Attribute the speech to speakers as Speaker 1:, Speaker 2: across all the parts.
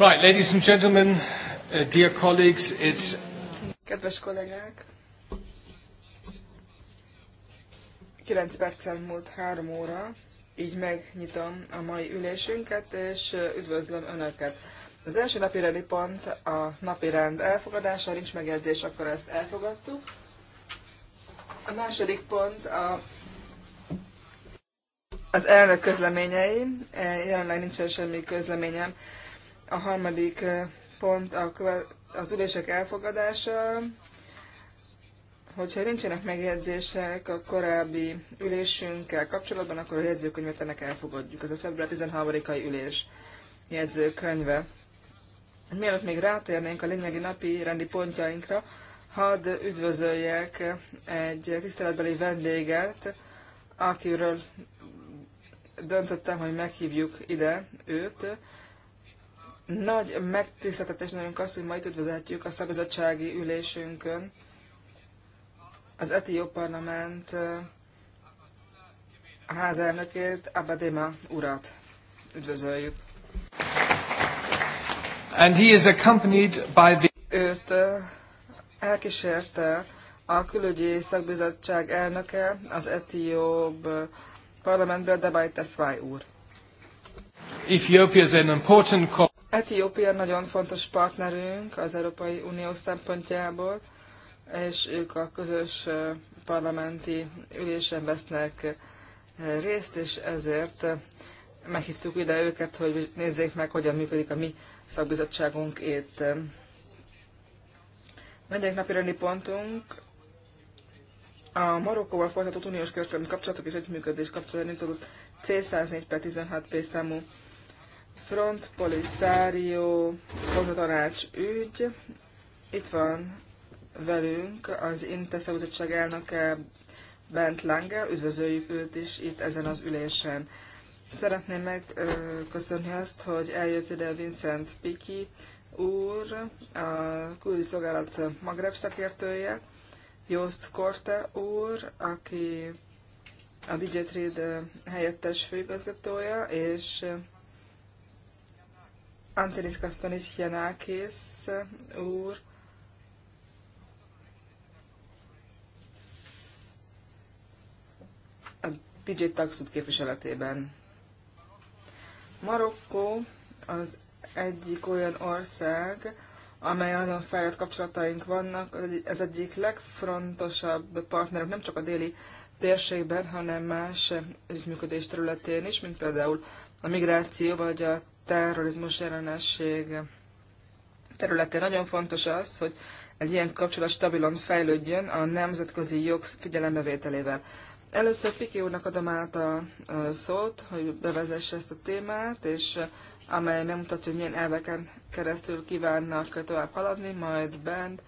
Speaker 1: Right, ladies and gentlemen, uh, dear colleagues, it's...
Speaker 2: Kedves kollégák! 9 percen múlt 3 óra, így megnyitom a mai ülésünket, és üdvözlöm Önöket. Az első napi rendi pont a napi rend elfogadása, nincs megjegyzés, akkor ezt elfogadtuk. A második pont a az elnök közleményei, jelenleg nincsen semmi közleményem a harmadik pont a az ülések elfogadása. Hogyha nincsenek megjegyzések a korábbi ülésünkkel kapcsolatban, akkor a jegyzőkönyvet ennek elfogadjuk. Ez a február 13-ai ülés jegyzőkönyve. Mielőtt még rátérnénk a lényegi napi rendi pontjainkra, hadd üdvözöljek egy tiszteletbeli vendéget, akiről döntöttem, hogy meghívjuk ide őt. Nagy megtiszteltetés nagyon az, hogy ma itt üdvözletjük a szabizottsági ülésünkön az Etió Parlament eh, házelnökét, Abadema urat. Üdvözöljük!
Speaker 1: And he is accompanied by
Speaker 2: the... Őt eh, elkísérte a külügyi szakbizottság elnöke, az etióp eh, parlamentből Debaj Teszvály úr.
Speaker 1: Ethiopia is an important
Speaker 2: Etiópia nagyon fontos partnerünk az Európai Unió szempontjából, és ők a közös parlamenti ülésen vesznek részt, és ezért meghívtuk ide őket, hogy nézzék meg, hogyan működik a mi szakbizottságunk itt. Negyedik napi rendi pontunk a Marokkóval folytatott uniós kereskedelmi kapcsolatok és együttműködés kapcsolatban indított C104 per 16 P számú Front Polisario tanács ügy. Itt van velünk az INTE szakbizottság elnöke Bent Lange, üdvözöljük őt is itt ezen az ülésen. Szeretném megköszönni azt, hogy eljött ide Vincent Piki úr, a külügyi szolgálat Magreb szakértője, Jost Korte úr, aki a DJ Trade helyettes főigazgatója, és Antinis Kastanis Janakis eh, úr, a DJ Taxut képviseletében. Marokkó az egyik olyan ország, amely nagyon fejlett kapcsolataink vannak. Ez egyik legfrontosabb partnerünk nem csak a déli térségben, hanem más együttműködés területén is, mint például a migráció vagy a terrorizmus ellenesség területén. Nagyon fontos az, hogy egy ilyen kapcsolat stabilan fejlődjön a nemzetközi jog figyelembevételével. Először Piki úrnak adom át a szót, hogy bevezesse ezt a témát, és amely megmutatja, hogy milyen elveken keresztül kívánnak tovább haladni, majd Bend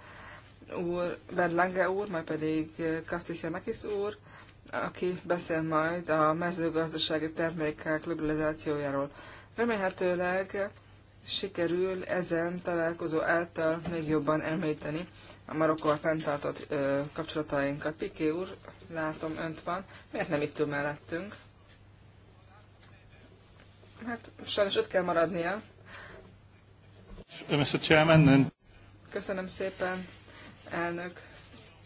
Speaker 2: úr, Bend Lange úr, majd pedig Kastis Janakis úr, aki beszél majd a mezőgazdasági termékek liberalizációjáról. Remélhetőleg sikerül ezen találkozó által még jobban említeni a Marokkóval fenntartott ö, kapcsolatainkat. Piké úr, látom, önt van. Miért nem itt ül mellettünk? Hát sajnos ott kell maradnia.
Speaker 1: Mr. Chairman,
Speaker 2: Köszönöm szépen, elnök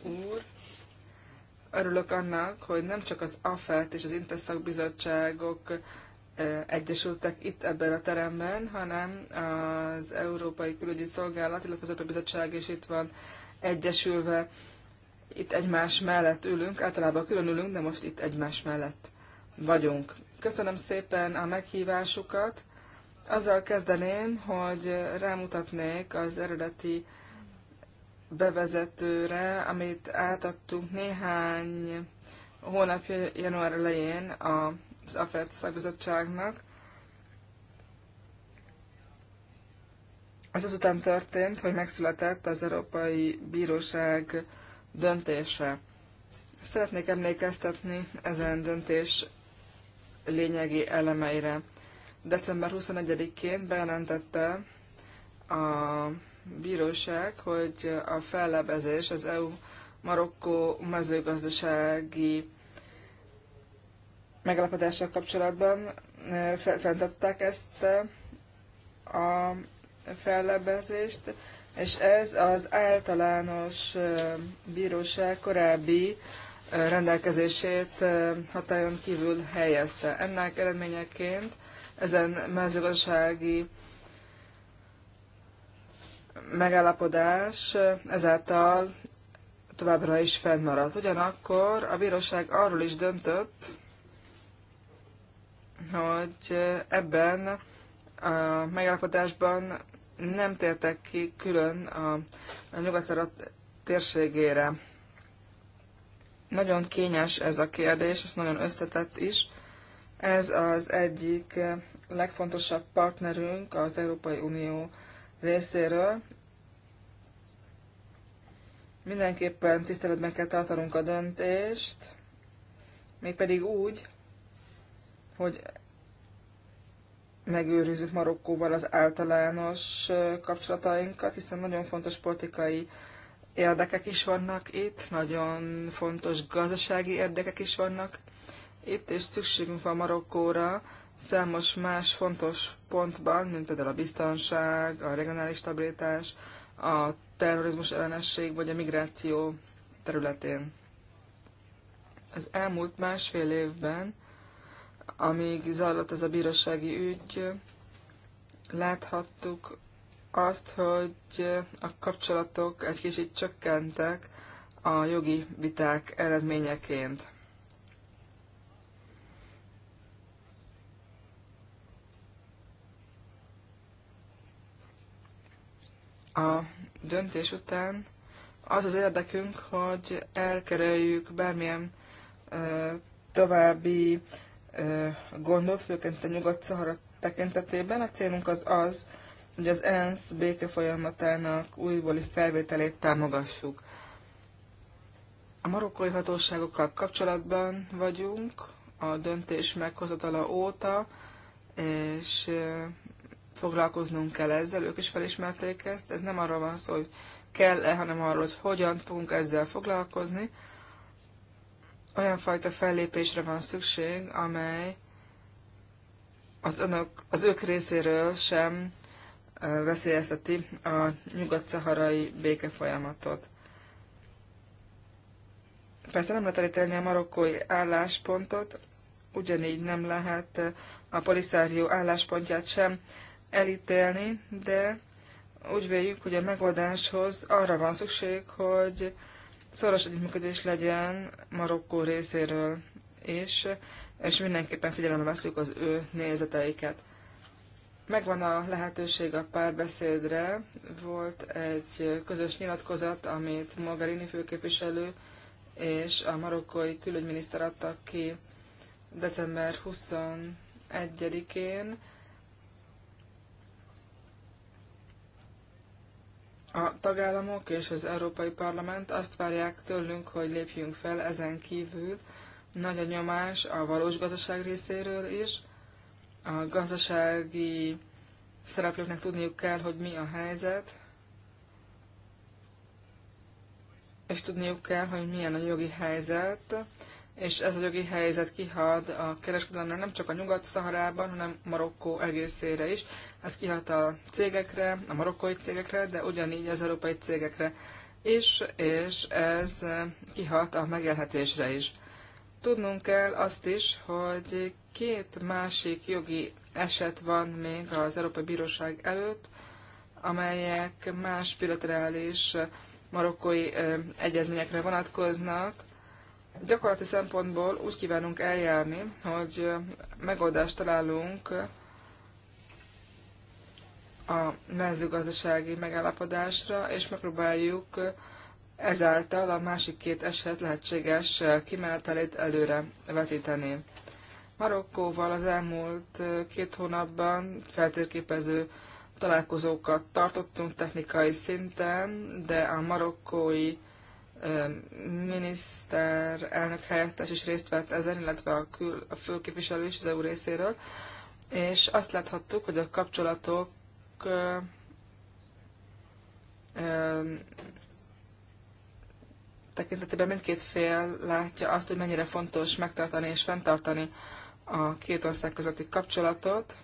Speaker 2: úr. Örülök annak, hogy nem csak az AFET és az Interszak bizottságok egyesültek itt ebben a teremben, hanem az Európai Külügyi Szolgálat, illetve az Európai Bizottság is itt van egyesülve. Itt egymás mellett ülünk, általában külön ülünk, de most itt egymás mellett vagyunk. Köszönöm szépen a meghívásukat. Azzal kezdeném, hogy rámutatnék az eredeti bevezetőre, amit átadtunk néhány hónapja január elején a az AFET szakbizottságnak. Ez azután történt, hogy megszületett az Európai Bíróság döntése. Szeretnék emlékeztetni ezen döntés lényegi elemeire. December 21-én bejelentette a bíróság, hogy a fellebezés az EU Marokkó mezőgazdasági megállapodással kapcsolatban fenntartották ezt a fellebezést, és ez az általános bíróság korábbi rendelkezését hatályon kívül helyezte. Ennek eredményeként ezen mezőgazdasági megállapodás ezáltal továbbra is fennmaradt. Ugyanakkor a bíróság arról is döntött, hogy ebben a megállapodásban nem tértek ki külön a, a nyugat térségére. Nagyon kényes ez a kérdés, és nagyon összetett is. Ez az egyik legfontosabb partnerünk az Európai Unió részéről. Mindenképpen tiszteletben kell tartanunk a döntést, mégpedig úgy, hogy megőrizzük Marokkóval az általános kapcsolatainkat, hiszen nagyon fontos politikai érdekek is vannak itt, nagyon fontos gazdasági érdekek is vannak itt, és szükségünk van Marokkóra számos más fontos pontban, mint például a biztonság, a regionális stabilitás, a terrorizmus ellenesség vagy a migráció területén. Az elmúlt másfél évben amíg zajlott ez a bírósági ügy, láthattuk azt, hogy a kapcsolatok egy kicsit csökkentek a jogi viták eredményeként. A döntés után az az érdekünk, hogy elkerüljük bármilyen ö, további gondot, főként a Nyugat-Szahara tekintetében. A célunk az az, hogy az ENSZ béke folyamatának újbóli felvételét támogassuk. A marokkói hatóságokkal kapcsolatban vagyunk a döntés meghozatala óta, és foglalkoznunk kell ezzel, ők is felismerték ezt. Ez nem arról van szó, hogy kell-e, hanem arról, hogy hogyan fogunk ezzel foglalkozni olyan fajta fellépésre van szükség, amely az, önök, az ők részéről sem veszélyezteti a nyugat-szaharai békefolyamatot. Persze nem lehet elítélni a marokkói álláspontot, ugyanígy nem lehet a poliszárió álláspontját sem elítélni, de úgy véljük, hogy a megoldáshoz arra van szükség, hogy szoros együttműködés legyen Marokkó részéről és és mindenképpen figyelembe veszük az ő nézeteiket. Megvan a lehetőség a párbeszédre. Volt egy közös nyilatkozat, amit Mogherini főképviselő és a marokkói külügyminiszter adtak ki december 21-én A tagállamok és az Európai Parlament azt várják tőlünk, hogy lépjünk fel ezen kívül. Nagy a nyomás a valós gazdaság részéről is. A gazdasági szereplőknek tudniuk kell, hogy mi a helyzet, és tudniuk kell, hogy milyen a jogi helyzet és ez a jogi helyzet kihad a kereskedelemre nem csak a Nyugat-Szaharában, hanem Marokkó egészére is. Ez kihat a cégekre, a marokkói cégekre, de ugyanígy az európai cégekre is, és ez kihat a megélhetésre is. Tudnunk kell azt is, hogy két másik jogi eset van még az Európai Bíróság előtt, amelyek más bilaterális marokkói egyezményekre vonatkoznak, Gyakorlati szempontból úgy kívánunk eljárni, hogy megoldást találunk a mezőgazdasági megállapodásra, és megpróbáljuk ezáltal a másik két eset lehetséges kimenetelét előre vetíteni. Marokkóval az elmúlt két hónapban feltérképező találkozókat tartottunk technikai szinten, de a marokkói elnök helyettes is részt vett ezen, illetve a, kül, a főképviselő is az EU részéről, és azt láthattuk, hogy a kapcsolatok tekintetében mindkét fél látja azt, hogy mennyire fontos megtartani és fenntartani a két ország közötti kapcsolatot,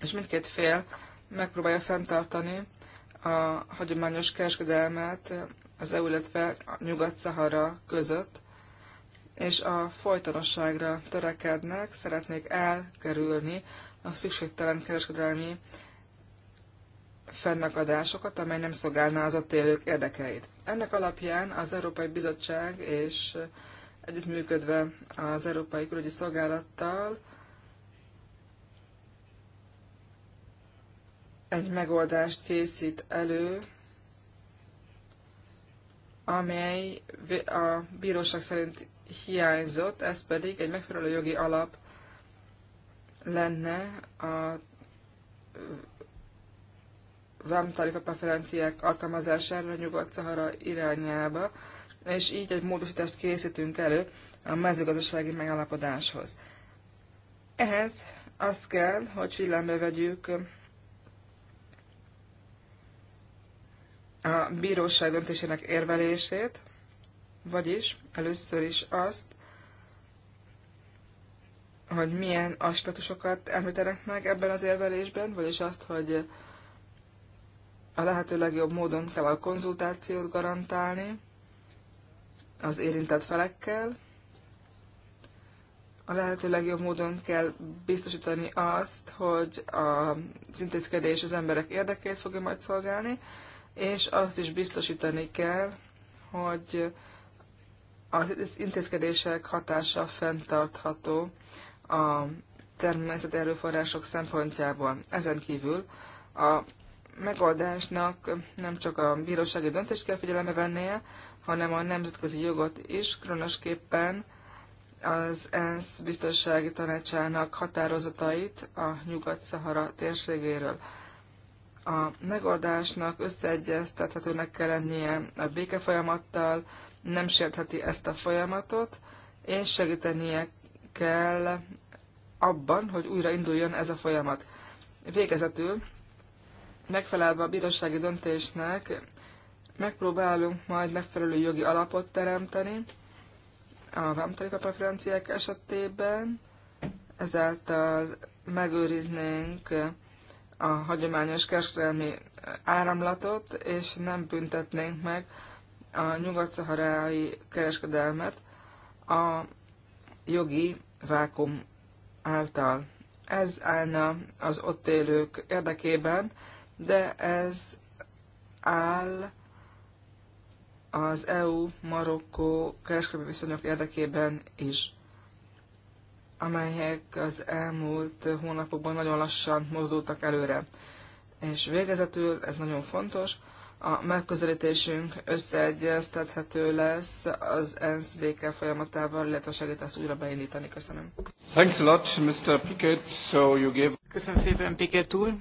Speaker 2: és mindkét fél megpróbálja fenntartani a hagyományos kereskedelmet az EU, illetve Nyugat-Szahara között, és a folytonosságra törekednek, szeretnék elkerülni a szükségtelen kereskedelmi fennakadásokat, amely nem szolgálná az ott élők érdekeit. Ennek alapján az Európai Bizottság és együttműködve az Európai Külügyi Szolgálattal egy megoldást készít elő amely a bíróság szerint hiányzott, ez pedig egy megfelelő jogi alap lenne a vámtarifa preferenciák alkalmazására a Nyugat-Szahara irányába, és így egy módosítást készítünk elő a mezőgazdasági megállapodáshoz. Ehhez azt kell, hogy figyelembe vegyük a bíróság döntésének érvelését, vagyis először is azt, hogy milyen aspektusokat említenek meg ebben az érvelésben, vagyis azt, hogy a lehető legjobb módon kell a konzultációt garantálni az érintett felekkel, a lehető legjobb módon kell biztosítani azt, hogy az intézkedés az emberek érdekét fogja majd szolgálni, és azt is biztosítani kell, hogy az intézkedések hatása fenntartható a természeti erőforrások szempontjából. Ezen kívül a megoldásnak nem csak a bírósági döntést kell figyelembe vennie, hanem a nemzetközi jogot is, különösképpen az ENSZ biztonsági tanácsának határozatait a Nyugat-Szahara térségéről. A megoldásnak összeegyeztethetőnek kell lennie a béke folyamattal, nem sértheti ezt a folyamatot, és segítenie kell abban, hogy újra induljon ez a folyamat. Végezetül, megfelelve a bírósági döntésnek, megpróbálunk majd megfelelő jogi alapot teremteni a vámtarifa preferenciák esetében, ezáltal megőriznénk a hagyományos kereskedelmi áramlatot, és nem büntetnénk meg a nyugat-szaharai kereskedelmet a jogi vákum által. Ez állna az ott élők érdekében, de ez áll az EU-Marokkó kereskedelmi viszonyok érdekében is amelyek az elmúlt hónapokban nagyon lassan mozdultak előre. És végezetül, ez nagyon fontos, a megközelítésünk összeegyeztethető lesz az ENSZ béke folyamatával, illetve segít ezt újra beindítani. Köszönöm.
Speaker 3: Thanks a lot, Mr. Pickett. So you gave...
Speaker 2: Köszönöm szépen, Pickett úr.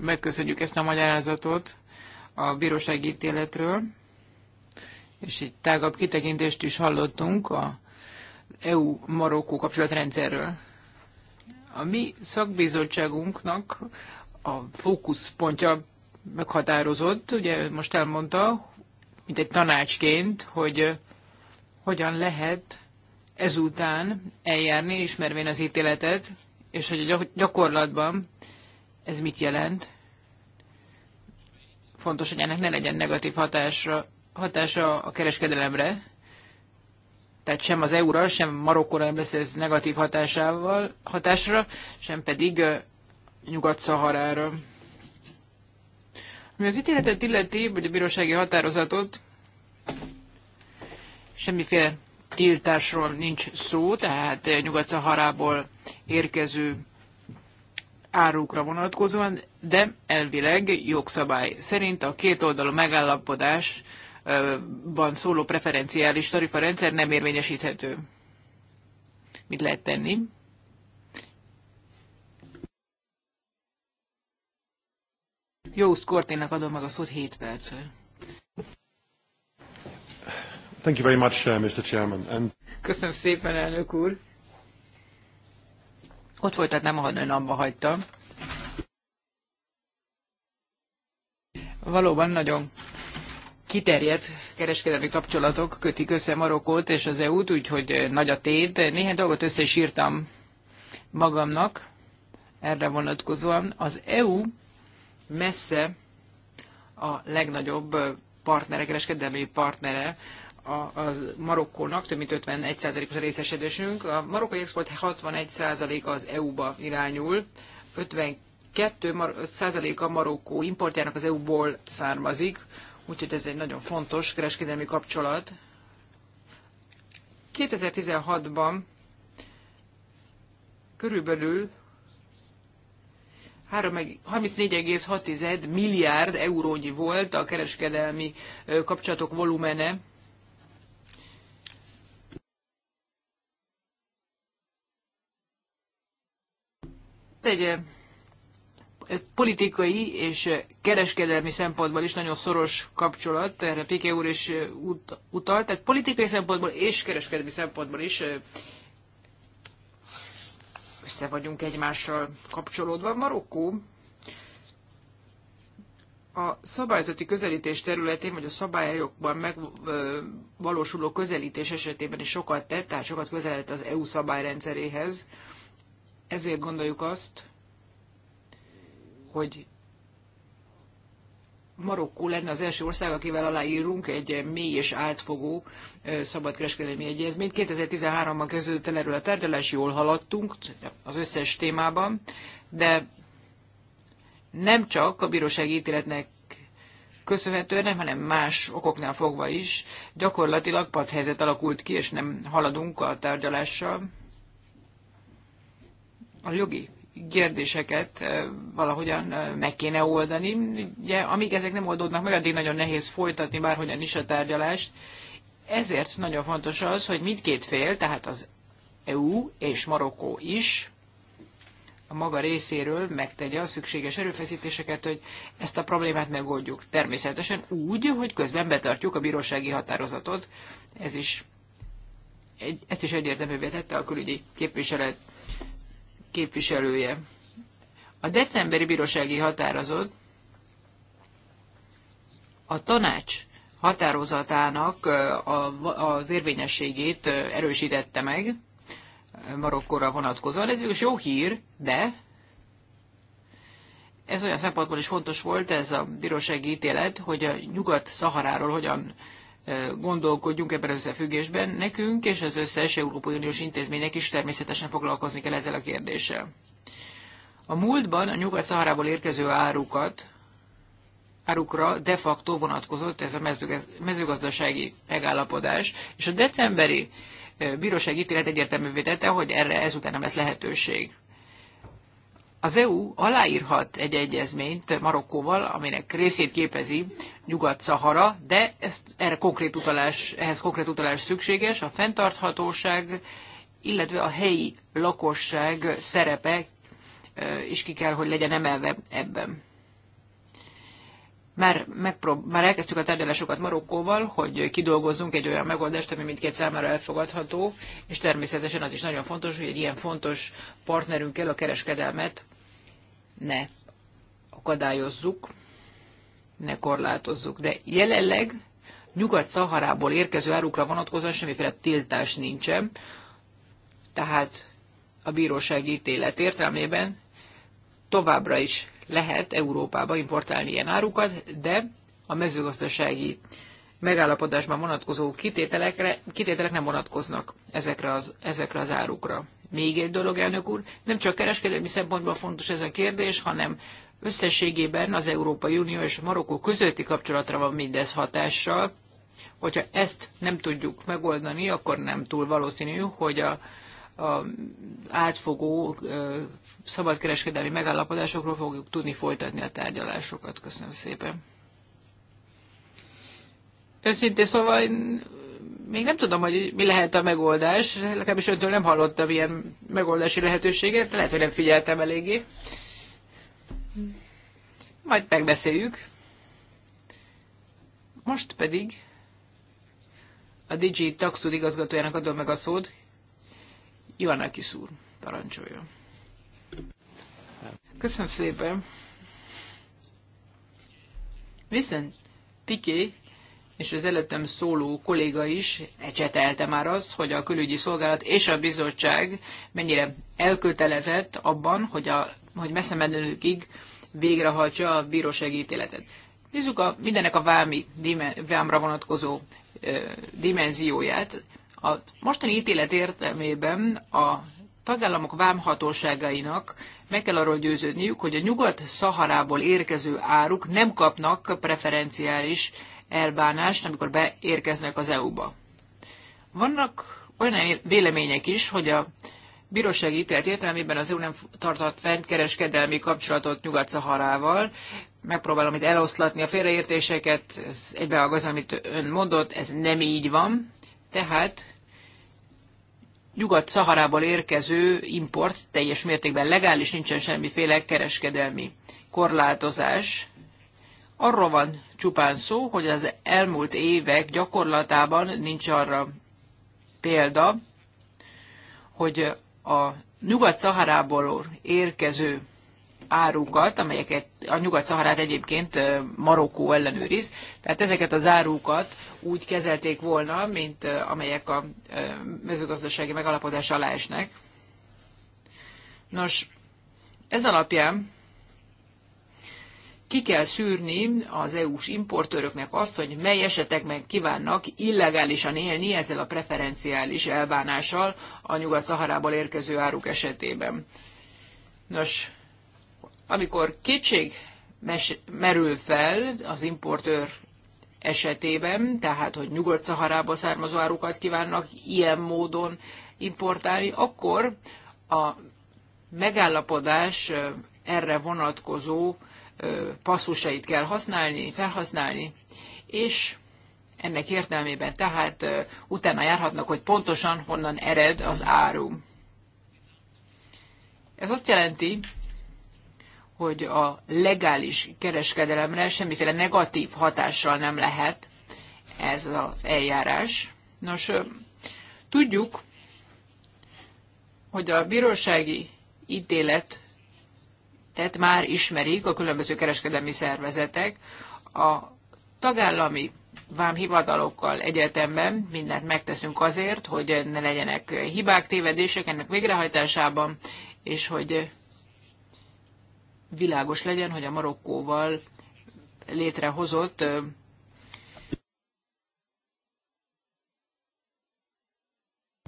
Speaker 2: Megköszönjük ezt a magyarázatot
Speaker 1: a bírósági ítéletről, és egy tágabb kitekintést is hallottunk a EU-Marokkó kapcsolatrendszerről. A mi szakbizottságunknak a fókuszpontja meghatározott, ugye most elmondta, mint egy tanácsként, hogy hogyan lehet ezután eljárni, ismervén az ítéletet, és hogy a gyakorlatban ez mit jelent. Fontos, hogy ennek ne legyen negatív hatásra, hatása a kereskedelemre, tehát sem az eu sem Marokkóra nem lesz ez negatív hatásával, hatásra, sem pedig Nyugat-Szaharára. Ami az ítéletet illeti, vagy a bírósági határozatot, semmiféle tiltásról nincs szó, tehát Nyugat-Szaharából érkező árukra vonatkozóan, de elvileg jogszabály szerint a két oldalú megállapodás van szóló preferenciális tarifarendszer nem érvényesíthető. Mit lehet tenni? Jószt Korténak adom meg a szót 7 perccel.
Speaker 3: Thank you very much, uh, Mr. Chairman. And...
Speaker 1: Köszönöm szépen, elnök úr. Ott folytatnám, ahol ön abba hagyta. Valóban nagyon kiterjedt kereskedelmi kapcsolatok kötik össze Marokkót és az EU-t, úgyhogy eh, nagy a tét. Néhány dolgot össze is írtam magamnak erre vonatkozóan. Az EU messze a legnagyobb eh, partnere, kereskedelmi partnere a, az Marokkónak, több mint 51%-os részesedésünk. A marokkai export 61% az EU-ba irányul, 52% a Marokkó importjának az EU-ból származik, úgyhogy ez egy nagyon fontos kereskedelmi kapcsolat. 2016-ban körülbelül 34,6 milliárd eurónyi volt a kereskedelmi kapcsolatok volumene. Tegye politikai és kereskedelmi szempontból is nagyon szoros kapcsolat, erre Piké úr is utalt. tehát politikai szempontból és kereskedelmi szempontból is össze vagyunk egymással kapcsolódva. Marokkó a szabályzati közelítés területén, vagy a szabályokban megvalósuló közelítés esetében is sokat tett, tehát sokat közeledett az EU szabályrendszeréhez. Ezért gondoljuk azt, hogy Marokkó lenne az első ország, akivel aláírunk egy mély és átfogó szabadkereskedelmi egyezményt. 2013-ban kezdődött el erről a tárgyalás, jól haladtunk az összes témában, de nem csak a bírósági ítéletnek köszönhetően, hanem más okoknál fogva is gyakorlatilag padhelyzet alakult ki, és nem haladunk a tárgyalással. A jogi kérdéseket valahogyan meg kéne oldani. Ugye, amíg ezek nem oldódnak meg, addig nagyon nehéz folytatni bárhogyan is a tárgyalást. Ezért nagyon fontos az, hogy mindkét fél, tehát az EU és Marokkó is a maga részéről megtegye a szükséges erőfeszítéseket, hogy ezt a problémát megoldjuk. Természetesen úgy, hogy közben betartjuk a bírósági határozatot. Ez is, ezt is egyértelművé tette a külügyi képviselet képviselője. A decemberi bírósági határozat a tanács határozatának az érvényességét erősítette meg Marokkóra vonatkozóan. Ez végül jó hír, de ez olyan szempontból is fontos volt ez a bírósági ítélet, hogy a nyugat-szaharáról hogyan gondolkodjunk ebben az összefüggésben. Nekünk és az összes Európai Uniós intézménynek is természetesen foglalkozni kell ezzel a kérdéssel. A múltban a Nyugat-Szaharából érkező árukat, árukra de facto vonatkozott ez a mezőgazdasági megállapodás, és a decemberi bíróság ítélet egyértelművé tette, hogy erre ezután nem lesz lehetőség. Az EU aláírhat egy egyezményt Marokkóval, aminek részét képezi Nyugat-Szahara, de ezt, erre konkrét utalás, ehhez konkrét utalás szükséges. A fenntarthatóság, illetve a helyi lakosság szerepe is ki kell, hogy legyen emelve ebben. Már, megprób- már elkezdtük a tárgyalásokat Marokkóval, hogy kidolgozzunk egy olyan megoldást, ami mindkét számára elfogadható, és természetesen az is nagyon fontos, hogy egy ilyen fontos partnerünkkel a kereskedelmet ne akadályozzuk, ne korlátozzuk. De jelenleg Nyugat-Szaharából érkező árukra vonatkozóan semmiféle tiltás nincsen, tehát a bíróság ítélet értelmében továbbra is lehet Európába importálni ilyen árukat, de a mezőgazdasági megállapodásban vonatkozó kitételekre, kitételek nem vonatkoznak ezekre az, ezekre az árukra. Még egy dolog, elnök úr, nem csak kereskedelmi szempontból fontos ez a kérdés, hanem összességében az Európai Unió és Marokkó közötti kapcsolatra van mindez hatással. Hogyha ezt nem tudjuk megoldani, akkor nem túl valószínű, hogy a, a átfogó szabadkereskedelmi megállapodásokról fogjuk tudni folytatni a tárgyalásokat. Köszönöm szépen. Őszintén szóval én még nem tudom, hogy mi lehet a megoldás, legalábbis öntől nem hallottam ilyen megoldási lehetőséget, lehet, hogy nem figyeltem eléggé. Majd megbeszéljük. Most pedig a Digi Taxud igazgatójának adom meg a szót. Joanna Kiszúr, parancsoljon. Köszönöm szépen. Viszont Piké, és az előttem szóló kolléga is ecsetelte már azt, hogy a külügyi szolgálat és a bizottság mennyire elkötelezett abban, hogy, a, hogy messze menőkig végrehajtsa a bírósági ítéletet. Nézzük a, mindennek a vámi, vámra vonatkozó ö, dimenzióját. A mostani ítélet értelmében a tagállamok vámhatóságainak meg kell arról győződniük, hogy a nyugat-szaharából érkező áruk nem kapnak preferenciális elbánást, amikor beérkeznek az EU-ba. Vannak olyan vélemények is, hogy a bírósági ítélet értelmében az EU nem tartott fent kereskedelmi kapcsolatot Nyugat-Szaharával. Megpróbálom itt eloszlatni a félreértéseket, ez egybeágaz, amit ön mondott, ez nem így van. Tehát Nyugat-Szaharából érkező import teljes mértékben legális, nincsen semmiféle kereskedelmi korlátozás. Arról van csupán szó, hogy az elmúlt évek gyakorlatában nincs arra példa, hogy a Nyugat-Szaharából érkező árukat, amelyeket a Nyugat-Szaharát egyébként Marokkó ellenőriz, tehát ezeket az árukat úgy kezelték volna, mint amelyek a mezőgazdasági megalapodás alá esnek. Nos, ez alapján ki kell szűrni az EU-s importőröknek azt, hogy mely esetekben kívánnak illegálisan élni ezzel a preferenciális elbánással a Nyugat-Szaharából érkező áruk esetében. Nos, amikor kétség merül fel az importőr esetében, tehát hogy Nyugat-Szaharába származó árukat kívánnak ilyen módon importálni, akkor a megállapodás erre vonatkozó passzusait kell használni, felhasználni, és ennek értelmében tehát utána járhatnak, hogy pontosan honnan ered az áru. Ez azt jelenti, hogy a legális kereskedelemre semmiféle negatív hatással nem lehet ez az eljárás. Nos, tudjuk, hogy a bírósági ítélet tehát már ismerik a különböző kereskedelmi szervezetek. A tagállami vámhivatalokkal egyetemben mindent megteszünk azért, hogy ne legyenek hibák, tévedések ennek végrehajtásában, és hogy világos legyen, hogy a Marokkóval létrehozott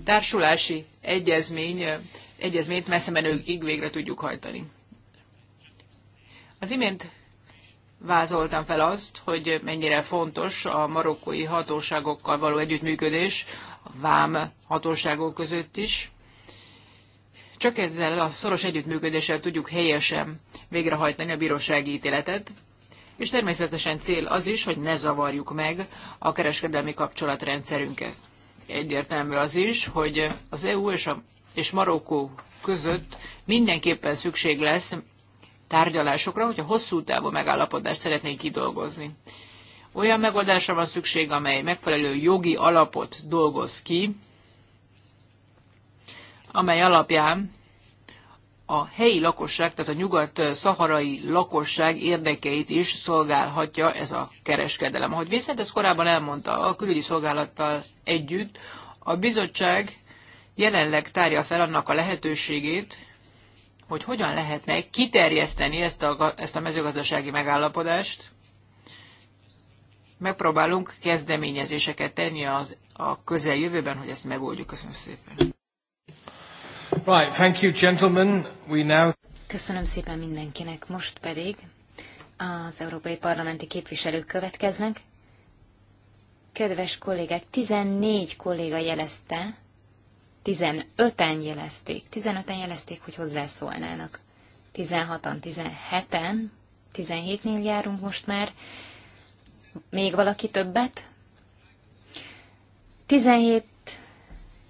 Speaker 1: társulási egyezmény, egyezményt messze menőig végre tudjuk hajtani. Az imént vázoltam fel azt, hogy mennyire fontos a marokkói hatóságokkal való együttműködés, a vám hatóságok között is. Csak ezzel a szoros együttműködéssel tudjuk helyesen végrehajtani a bírósági ítéletet, és természetesen cél az is, hogy ne zavarjuk meg a kereskedelmi kapcsolatrendszerünket. Egyértelmű az is, hogy az EU és, a, és Marokkó között mindenképpen szükség lesz tárgyalásokra, hogyha hosszú távú megállapodást szeretnénk kidolgozni. Olyan megoldásra van szükség, amely megfelelő jogi alapot dolgoz ki, amely alapján a helyi lakosság, tehát a nyugat-szaharai lakosság érdekeit is szolgálhatja ez a kereskedelem. Ahogy Vincent ezt korábban elmondta, a külügyi szolgálattal együtt a bizottság jelenleg tárja fel annak a lehetőségét, hogy hogyan lehetne kiterjeszteni ezt a, ezt a mezőgazdasági megállapodást. Megpróbálunk kezdeményezéseket tenni az, a közeljövőben, hogy ezt megoldjuk. Köszönöm szépen.
Speaker 3: Right, thank you, gentlemen. We now... Köszönöm szépen mindenkinek. Most pedig az európai parlamenti képviselők következnek. Kedves kollégák, 14 kolléga jelezte, 15-en jelezték, 15-en jelezték, hogy hozzászólnának. 16-an, 17-en, 17-nél járunk most már. Még valaki többet? 17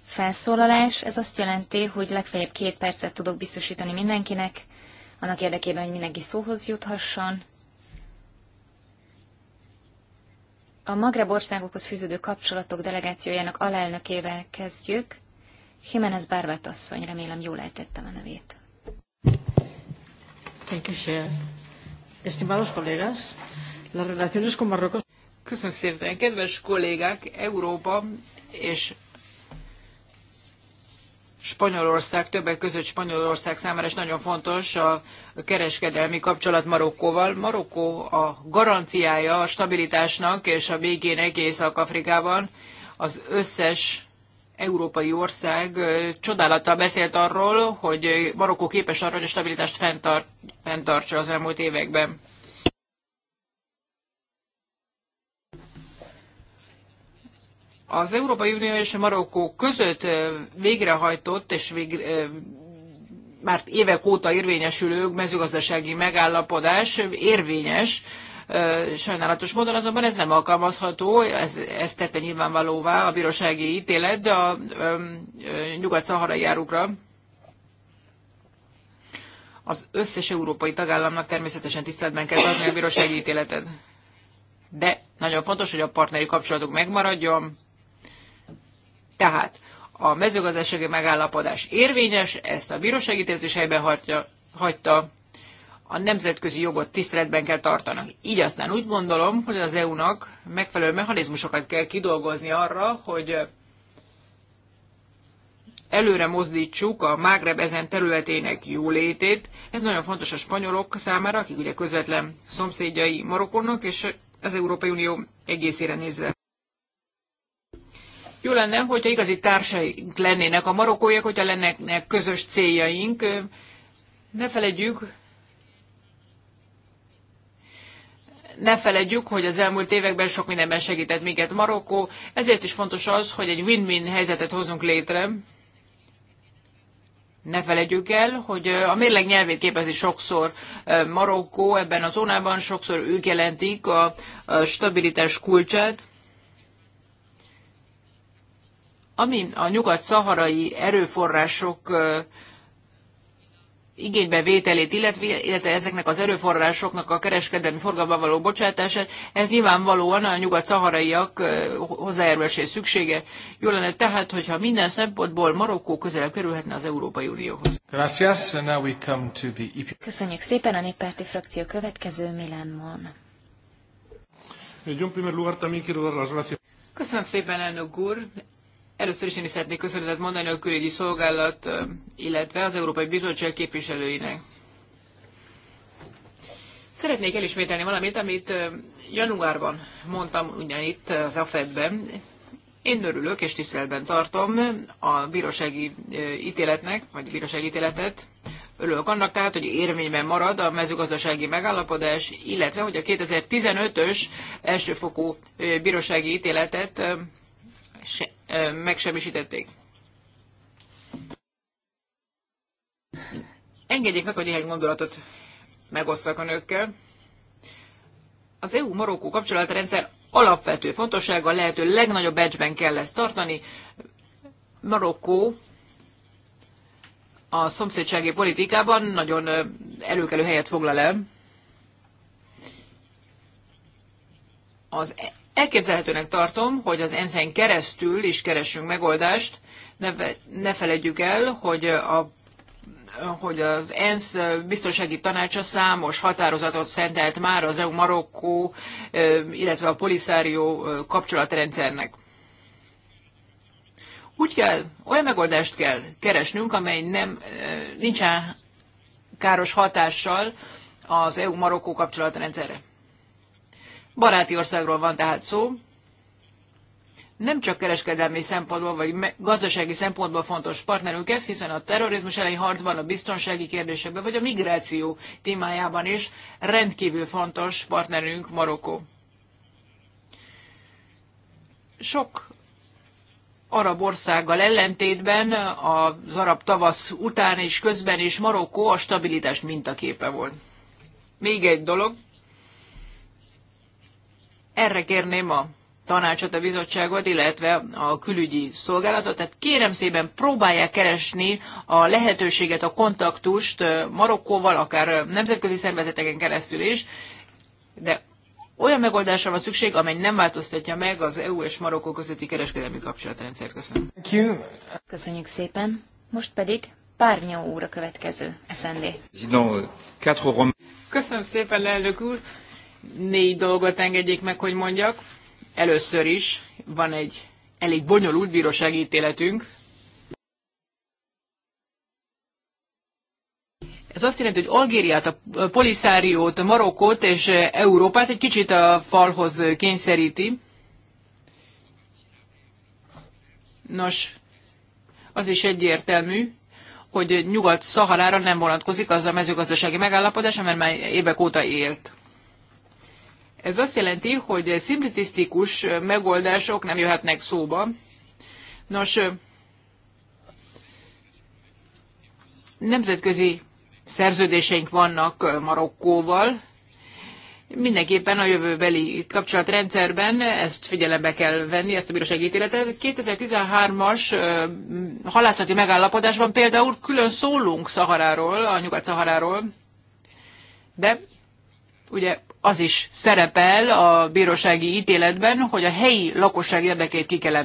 Speaker 3: felszólalás, ez azt jelenti, hogy legfeljebb két percet tudok biztosítani mindenkinek, annak érdekében, hogy mindenki szóhoz juthasson. A Magreb országokhoz fűződő kapcsolatok delegációjának alelnökével kezdjük. Jiménez Bárvát asszony, remélem jól ejtettem a nevét.
Speaker 2: Thank you, Estimados colegas, las relaciones con Marruecos...
Speaker 1: Köszönöm szépen, kedves kollégák, Európa és Spanyolország, többek között Spanyolország számára is nagyon fontos a kereskedelmi kapcsolat Marokkóval. Marokkó a garanciája a stabilitásnak és a végén egész Afrikában az összes európai ország csodálattal beszélt arról, hogy Marokkó képes arra, hogy a stabilitást fenntart, fenntartsa az elmúlt években. Az Európai Unió és Marokkó között végrehajtott és végre, már évek óta érvényesülő mezőgazdasági megállapodás érvényes Sajnálatos módon azonban ez nem alkalmazható, ez, ez tette nyilvánvalóvá a bírósági ítélet, de a nyugat-szaharai járukra az összes európai tagállamnak természetesen tiszteletben kell adni a bírósági ítéletet. De nagyon fontos, hogy a partneri kapcsolatok megmaradjon. Tehát a mezőgazdasági megállapodás érvényes, ezt a bírósági ítélet is helyben hagyta, a nemzetközi jogot tiszteletben kell tartanak. Így aztán úgy gondolom, hogy az EU-nak megfelelő mechanizmusokat kell kidolgozni arra, hogy előre mozdítsuk a Mágreb ezen területének jólétét. Ez nagyon fontos a spanyolok számára, akik ugye közvetlen szomszédjai Marokkonnak, és az Európai Unió egészére nézve. Jó lenne, hogyha igazi társaink lennének a marokkóiak, hogyha lennének közös céljaink. Ne felejtjük, ne feledjük, hogy az elmúlt években sok mindenben segített minket Marokkó, ezért is fontos az, hogy egy win-win helyzetet hozunk létre. Ne feledjük el, hogy a mérleg nyelvét képezi sokszor Marokkó ebben a zónában, sokszor ők jelentik a stabilitás kulcsát. Ami a nyugat-szaharai erőforrások igénybevételét, illetve, illetve ezeknek az erőforrásoknak a kereskedelmi forgalomba való bocsátását, ez nyilvánvalóan a nyugat-szaharaiak hozzájárulásé szüksége. Jó lenne tehát, hogyha minden szempontból Marokkó közelebb kerülhetne az Európai Unióhoz.
Speaker 3: E Köszönjük szépen a néppárti frakció következő Milán Mon.
Speaker 1: Köszönöm szépen, elnök úr. Először is én is szeretnék köszönetet mondani a külügyi szolgálat, illetve az Európai Bizottság képviselőinek. Szeretnék elismételni valamit, amit januárban mondtam ugyanitt az AFED-ben. Én örülök és tiszteletben tartom a bírósági ítéletnek, vagy a bírósági ítéletet. Örülök annak tehát, hogy érvényben marad a mezőgazdasági megállapodás, illetve hogy a 2015-ös elsőfokú bírósági ítéletet se, ö, megsemmisítették. Engedjék meg, hogy néhány gondolatot megosszak nőkkel. Az EU-Marokkó kapcsolatrendszer alapvető fontossága, lehető legnagyobb becsben kell ezt tartani. Marokkó a szomszédsági politikában nagyon előkelő helyet foglal el. Az Elképzelhetőnek tartom, hogy az ensz keresztül is keresünk megoldást. Ne, ne feledjük el, hogy a hogy az ENSZ biztonsági tanácsa számos határozatot szentelt már az EU-Marokkó, illetve a Polisárió kapcsolatrendszernek. Úgy kell, olyan megoldást kell keresnünk, amely nem, nincsen káros hatással az EU-Marokkó kapcsolatrendszerre. Baráti országról van tehát szó. Nem csak kereskedelmi szempontból, vagy gazdasági szempontból fontos partnerünk ez, hiszen a terrorizmus elleni harcban, a biztonsági kérdésekben, vagy a migráció témájában is rendkívül fontos partnerünk Marokkó. Sok arab országgal ellentétben az arab tavasz után és közben is Marokkó a stabilitás mintaképe volt. Még egy dolog, erre kérném a tanácsot, a bizottságot, illetve a külügyi szolgálatot. Tehát kérem szépen próbálják keresni a lehetőséget, a kontaktust Marokkóval, akár nemzetközi szervezeteken keresztül is, de olyan megoldásra van szükség, amely nem változtatja meg az EU és Marokkó közötti kereskedelmi kapcsolatrendszert. Köszönöm.
Speaker 3: Köszönjük szépen. Most pedig Párnyó úr a következő, SND.
Speaker 1: Köszönöm szépen, elnök úr négy dolgot engedjék meg, hogy mondjak. Először is van egy elég bonyolult bírósági ítéletünk. Ez azt jelenti, hogy Algériát, a Polisáriót, a Marokkót és Európát egy kicsit a falhoz kényszeríti. Nos, az is egyértelmű, hogy Nyugat-Szaharára nem vonatkozik az a mezőgazdasági megállapodás, mert már évek óta élt. Ez azt jelenti, hogy szimplicisztikus megoldások nem jöhetnek szóba. Nos, nemzetközi szerződéseink vannak Marokkóval, Mindenképpen a jövőbeli kapcsolatrendszerben ezt figyelembe kell venni, ezt a bírósági ítéletet. 2013-as halászati megállapodásban például külön szólunk Szaharáról, a Nyugat-Szaharáról, de ugye az is szerepel a bírósági ítéletben, hogy a helyi lakosság érdekét ki kell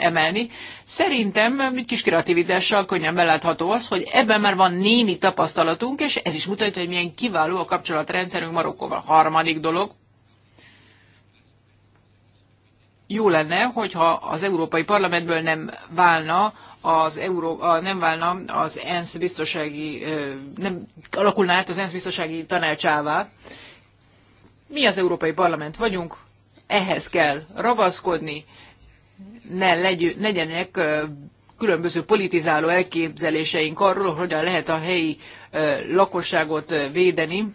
Speaker 1: emelni. Szerintem kis kreativitással könnyen belátható az, hogy ebben már van némi tapasztalatunk, és ez is mutatja, hogy milyen kiváló a kapcsolatrendszerünk Marokkóval. Harmadik dolog, jó lenne, hogyha az Európai Parlamentből nem válna az Euró, a, nem válna az ENSZ biztonsági, nem alakulna át az ENSZ biztonsági tanácsává. Mi az Európai Parlament vagyunk, ehhez kell ragaszkodni, ne legy, legyenek különböző politizáló elképzeléseink arról, hogyan lehet a helyi lakosságot védeni.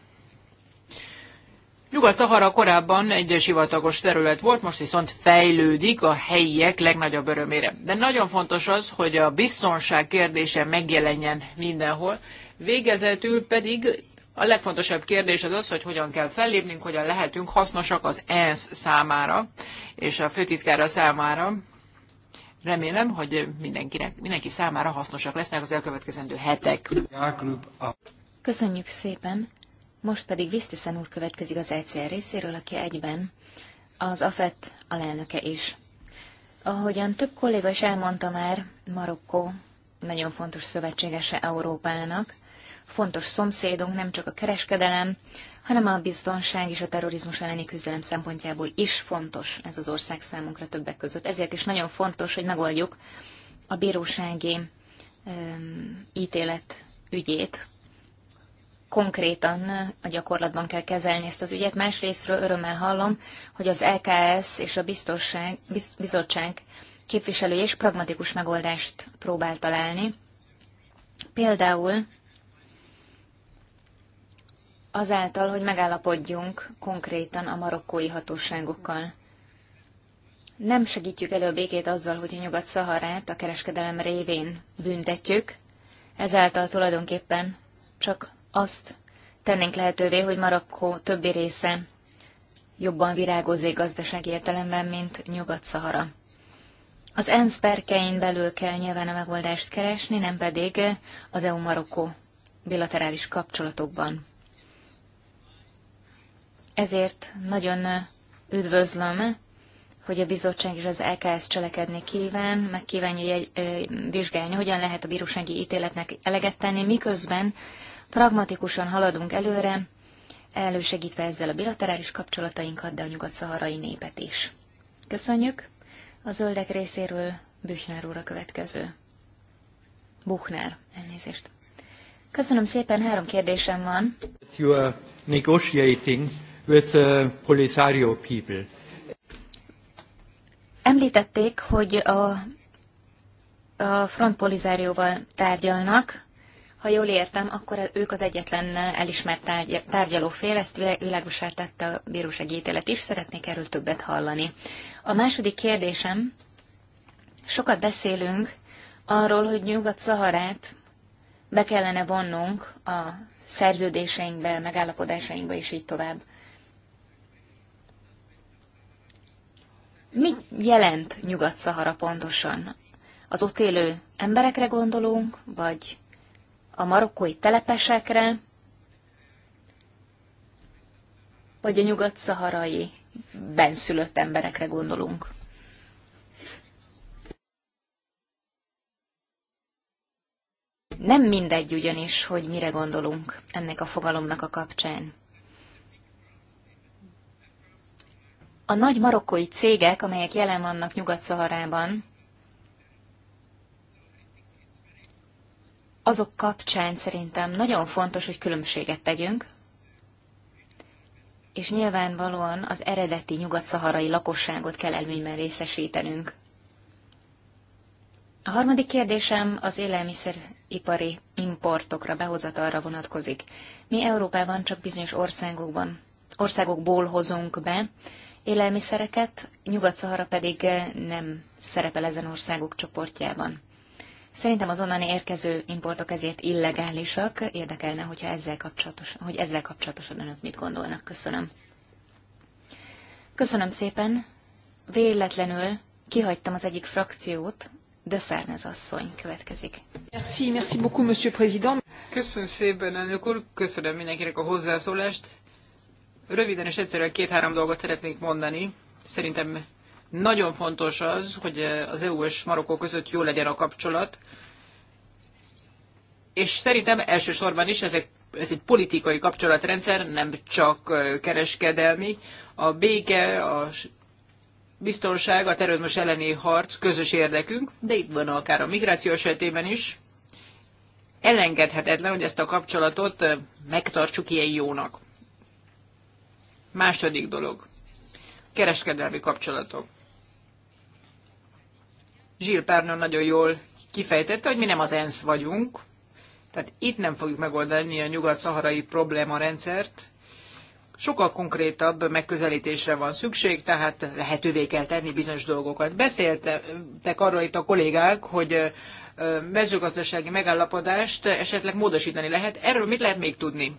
Speaker 1: Nyugat-Szahara korábban egy sivatagos terület volt, most viszont fejlődik a helyiek legnagyobb örömére. De nagyon fontos az, hogy a biztonság kérdése megjelenjen mindenhol, végezetül pedig a legfontosabb kérdés az az, hogy hogyan kell fellépnünk, hogyan lehetünk hasznosak az ENSZ számára és a főtitkára számára. Remélem, hogy mindenkinek, mindenki számára hasznosak lesznek az elkövetkezendő hetek.
Speaker 3: Köszönjük szépen! Most pedig Visztiszen úr következik az ECR részéről, aki egyben az AFET alelnöke is. Ahogyan több kolléga is elmondta már, Marokkó nagyon fontos szövetségese Európának, fontos szomszédunk, nem csak a kereskedelem, hanem a biztonság és a terrorizmus elleni küzdelem szempontjából is fontos ez az ország számunkra többek között. Ezért is nagyon fontos, hogy megoldjuk a bírósági um, ítélet ügyét. Konkrétan a gyakorlatban kell kezelni ezt az ügyet. Másrésztről örömmel hallom, hogy az LKS és a biztonság, biz, bizottság képviselői is pragmatikus megoldást próbál találni. Például azáltal, hogy megállapodjunk konkrétan a marokkói hatóságokkal. Nem segítjük elő a békét azzal, hogy a Nyugat-Szaharát a kereskedelem révén büntetjük, ezáltal tulajdonképpen csak azt tennénk lehetővé, hogy Marokkó többi része jobban virágozik gazdasági értelemben, mint Nyugat-Szahara. Az ENSZ perkein belül kell nyilván a megoldást keresni, nem pedig az EU-Marokkó bilaterális kapcsolatokban. Ezért nagyon üdvözlöm, hogy a bizottság és az LKS cselekedni kíván, meg kívánja vizsgálni, hogyan lehet a bírósági ítéletnek eleget tenni, miközben pragmatikusan haladunk előre, elősegítve ezzel a bilaterális kapcsolatainkat, de a nyugat-szaharai népet is. Köszönjük! A zöldek részéről Büchner úr a következő. Buchner, elnézést. Köszönöm szépen, három kérdésem van.
Speaker 1: You are negotiating with the Polisario people.
Speaker 3: Említették, hogy a, a Front Polisárióval tárgyalnak. Ha jól értem, akkor ők az egyetlen elismert tárgy, tárgyaló fél, ezt világosá tette a bírósági ítélet is, szeretnék erről többet hallani. A második kérdésem, sokat beszélünk arról, hogy Nyugat-Szaharát be kellene vonnunk a szerződéseinkbe, megállapodásainkba, és így tovább. Mit jelent Nyugat-Szahara pontosan? Az ott élő emberekre gondolunk, vagy a marokkói telepesekre, vagy a nyugat-szaharai benszülött emberekre gondolunk? Nem mindegy ugyanis, hogy mire gondolunk ennek a fogalomnak a kapcsán. a nagy marokkói cégek, amelyek jelen vannak Nyugat-Szaharában, azok kapcsán szerintem nagyon fontos, hogy különbséget tegyünk, és nyilvánvalóan az eredeti nyugat-szaharai lakosságot kell előnyben részesítenünk. A harmadik kérdésem az élelmiszeripari importokra, behozatalra vonatkozik. Mi Európában csak bizonyos országokban, országokból hozunk be élelmiszereket, Nyugat-Szahara pedig eh, nem szerepel ezen országok csoportjában. Szerintem az onnan érkező importok ezért illegálisak. Érdekelne, hogyha ezzel kapcsolatos, hogy ezzel kapcsolatosan önök mit gondolnak. Köszönöm. Köszönöm szépen. Véletlenül kihagytam az egyik frakciót, de Szárnez asszony következik.
Speaker 1: Merci, merci beaucoup, monsieur président. Köszönöm szépen, elnök úr. Köszönöm mindenkinek a hozzászólást. Röviden és egyszerűen két-három dolgot szeretnék mondani. Szerintem nagyon fontos az, hogy az EU és Marokkó között jó legyen a kapcsolat, és szerintem elsősorban is ezek ez egy politikai kapcsolatrendszer, nem csak kereskedelmi. A béke, a biztonság, a terörizmus elleni harc közös érdekünk, de itt van akár a migráció esetében is. Elengedhetetlen, hogy ezt a kapcsolatot megtartsuk ilyen jónak. Második dolog. Kereskedelmi kapcsolatok. Gilles Pernon nagyon jól kifejtette, hogy mi nem az ENSZ vagyunk, tehát itt nem fogjuk megoldani a nyugat-szaharai rendszert. Sokkal konkrétabb megközelítésre van szükség, tehát lehetővé kell tenni bizonyos dolgokat. Beszéltek arról itt a kollégák, hogy mezőgazdasági megállapodást esetleg módosítani lehet. Erről mit lehet még tudni?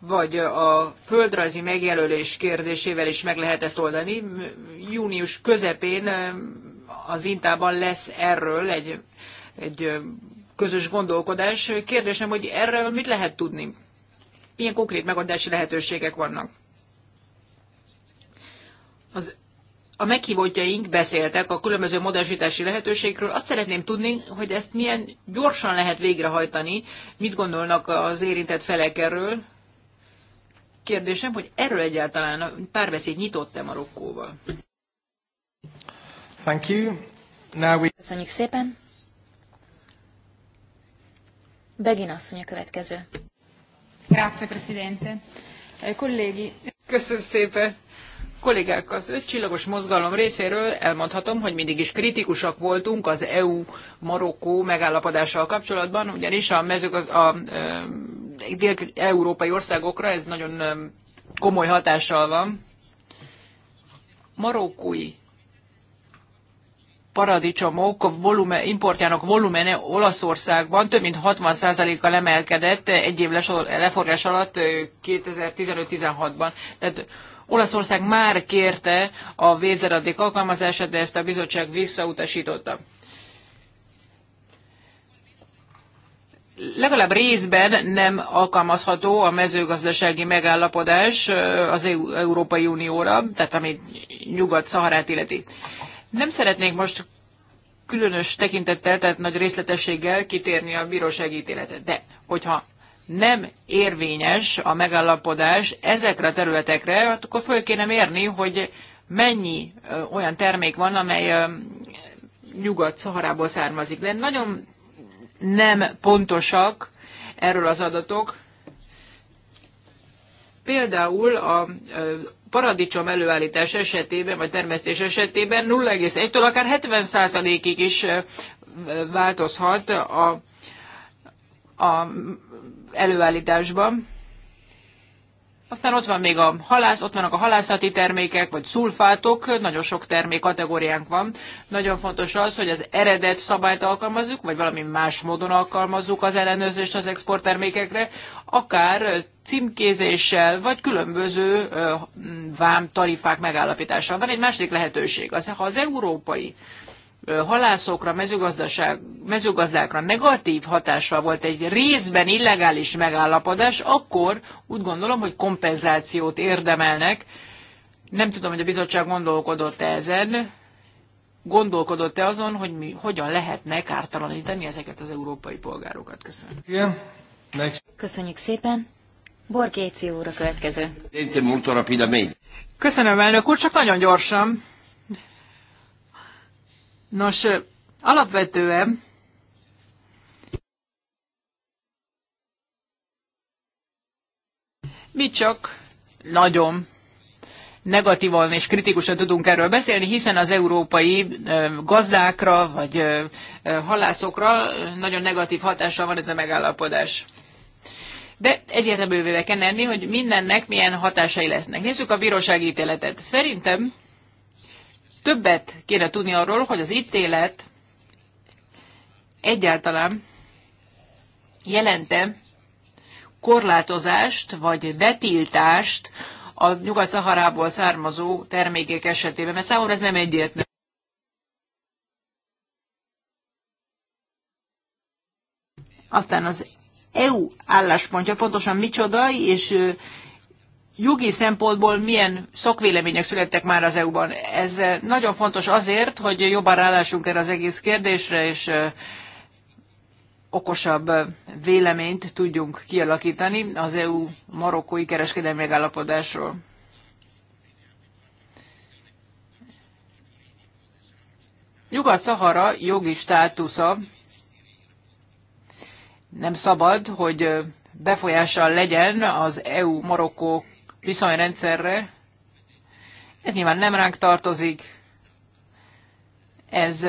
Speaker 1: vagy a földrajzi megjelölés kérdésével is meg lehet ezt oldani. Június közepén eh, az Intában lesz erről egy, egy eh, közös gondolkodás. Kérdésem, hogy erről mit lehet tudni? Milyen konkrét megoldási lehetőségek vannak? Az, a meghívottjaink beszéltek a különböző modellsítási lehetőségről. Azt szeretném tudni, hogy ezt milyen gyorsan lehet végrehajtani, mit gondolnak az érintett felek erről, kérdésem, hogy erről egyáltalán a párbeszéd nyitott-e Marokkóval?
Speaker 3: Thank you. Now we... Köszönjük szépen. Begin asszony a következő. Grazie, Presidente.
Speaker 1: Eh, colleghi. Köszönöm szépen. Kollégák, az ötcsillagos mozgalom részéről elmondhatom, hogy mindig is kritikusak voltunk az EU-Marokkó megállapodással kapcsolatban, ugyanis a, az a, a, a dél-európai országokra ez nagyon komoly hatással van. Marokkói paradicsomok volume, importjának volumene Olaszországban több mint 60%-kal emelkedett egy év leforgás alatt 2015-16-ban. Tehát Olaszország már kérte a védzeradék alkalmazását, de ezt a bizottság visszautasította. legalább részben nem alkalmazható a mezőgazdasági megállapodás az e Európai Unióra, tehát ami Nyugat-Szaharát illeti. Nem szeretnék most különös tekintettel, tehát nagy részletességgel kitérni a bíróság ítéletet. De hogyha nem érvényes a megállapodás ezekre a területekre, akkor föl kéne mérni, hogy mennyi olyan termék van, amely nyugat-szaharából származik. De nagyon nem pontosak erről az adatok. Például a paradicsom előállítás esetében, vagy termesztés esetében 0,1-től akár 70%-ig is változhat a, a előállításban. Aztán ott van még a halász, ott vannak a halászati termékek, vagy szulfátok, nagyon sok termék kategóriánk van. Nagyon fontos az, hogy az eredet szabályt alkalmazzuk, vagy valami más módon alkalmazzuk az ellenőrzést az exporttermékekre, akár címkézéssel, vagy különböző vám tarifák megállapítással. Van egy másik lehetőség, az, ha az európai halászokra, mezőgazdaság, mezőgazdákra negatív hatással volt egy részben illegális megállapodás, akkor úgy gondolom, hogy kompenzációt érdemelnek. Nem tudom, hogy a bizottság gondolkodott -e ezen, gondolkodott-e azon, hogy mi, hogyan lehetne kártalanítani ezeket az európai polgárokat. Köszönöm.
Speaker 3: Köszönjük szépen. Borgéci úr a következő.
Speaker 1: Köszönöm, elnök úr, csak nagyon gyorsan. Nos, alapvetően mi csak nagyon negatívan és kritikusan tudunk erről beszélni, hiszen az európai gazdákra vagy halászokra nagyon negatív hatással van ez a megállapodás. De egyértelművé kell lenni, hogy mindennek milyen hatásai lesznek. Nézzük a bíróságítéletet. Szerintem többet kéne tudni arról, hogy az ítélet egyáltalán jelente korlátozást vagy betiltást a Nyugat-Szaharából származó termékek esetében, mert számomra ez nem egyértelmű. Aztán az EU álláspontja pontosan micsoda, és jogi szempontból milyen szakvélemények születtek már az EU-ban. Ez eh, nagyon fontos azért, hogy jobban rálássunk erre az egész kérdésre, és eh, okosabb eh, véleményt tudjunk kialakítani az EU-marokkói kereskedelmi megállapodásról. Nyugat-Szahara jogi státusza nem szabad, hogy befolyással legyen az EU-Marokkó viszonyrendszerre. Ez nyilván nem ránk tartozik. Ez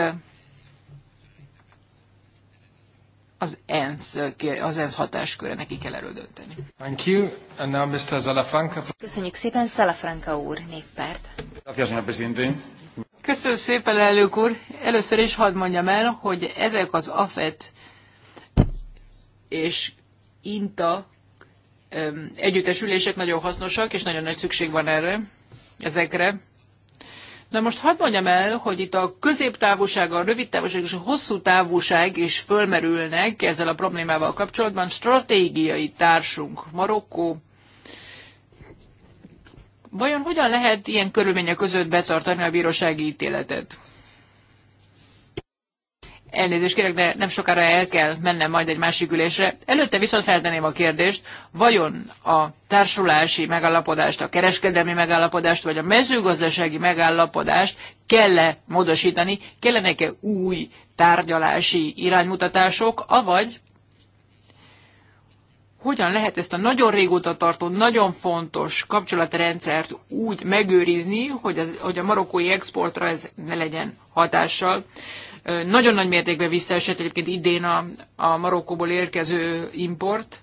Speaker 1: az ENSZ, az ENSZ hatásköre, neki kell erről dönteni.
Speaker 2: Thank you. And now Mr.
Speaker 1: Zalafranca. Köszönjük szépen,
Speaker 3: Zalafranca úr, néppárt.
Speaker 1: Köszönöm szépen, elnök úr. Először is hadd mondjam el, hogy ezek az AFET és INTA együttesülések nagyon hasznosak, és nagyon nagy szükség van erre, ezekre. Na most hadd mondjam el, hogy itt a középtávúság, a rövid távúság és a hosszú távúság is fölmerülnek ezzel a problémával kapcsolatban. Stratégiai társunk Marokkó. Vajon hogyan lehet ilyen körülmények között betartani a bírósági ítéletet? Elnézést kérek, de nem sokára el kell mennem majd egy másik ülésre. Előtte viszont feltenném a kérdést, vajon a társulási megállapodást, a kereskedelmi megállapodást, vagy a mezőgazdasági megállapodást kell-e módosítani, kellenek-e új tárgyalási iránymutatások, avagy hogyan lehet ezt a nagyon régóta tartó, nagyon fontos kapcsolatrendszert úgy megőrizni, hogy, az, hogy a marokkói exportra ez ne legyen hatással. Nagyon nagy mértékben visszaesett egyébként idén a, a Marokkóból érkező import.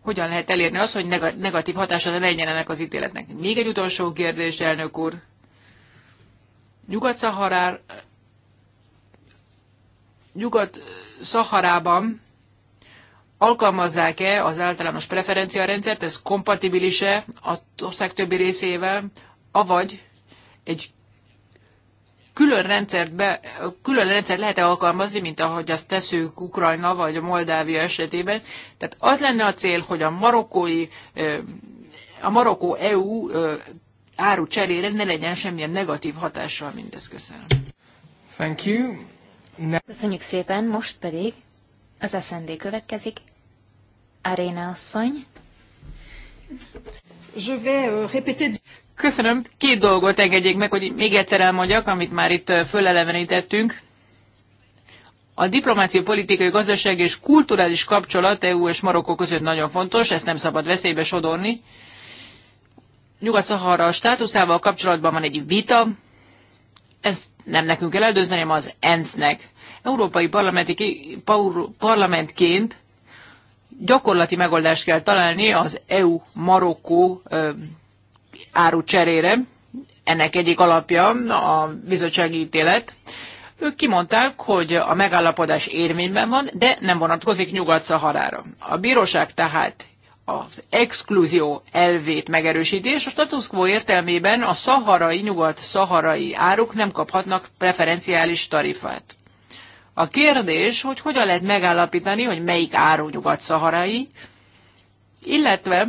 Speaker 1: Hogyan lehet elérni azt, hogy negatív hatása legyen ennek az ítéletnek? Még egy utolsó kérdés, elnök úr. Nyugat-Szaharár Nyugat-Szaharában alkalmazzák-e az általános preferenciarendszert, ez kompatibilis-e az ország többi részével, avagy egy külön rendszert, be, külön rendszert lehet-e alkalmazni, mint ahogy azt teszünk Ukrajna vagy a Moldávia esetében. Tehát az lenne a cél, hogy a marokkói, a marokkó EU áru cserére ne legyen semmilyen negatív hatással mindez. Köszönöm.
Speaker 3: Thank you. Ne- Köszönjük szépen, most pedig az SND következik. Aréna asszony. Euh,
Speaker 1: Köszönöm. Két dolgot engedjék meg, hogy még egyszer elmondjak, amit már itt fölelevenítettünk. A diplomáció, politikai, gazdaság és kulturális kapcsolat EU és Marokkó között nagyon fontos, ezt nem szabad veszélybe sodorni. Nyugat-Szahara státuszával kapcsolatban van egy vita, ezt nem nekünk kell eldőzni, hanem az ENSZ-nek. Európai parlamenti, parlamentként gyakorlati megoldást kell találni az EU-Marokkó áru cserére. Ennek egyik alapja a bizottsági ítélet. Ők kimondták, hogy a megállapodás érvényben van, de nem vonatkozik Nyugat-Szaharára. A bíróság tehát az exkluzió elvét megerősíti, és a status quo értelmében a szaharai, nyugat-szaharai áruk nem kaphatnak preferenciális tarifát. A kérdés, hogy hogyan lehet megállapítani, hogy melyik áru nyugat-szaharai, illetve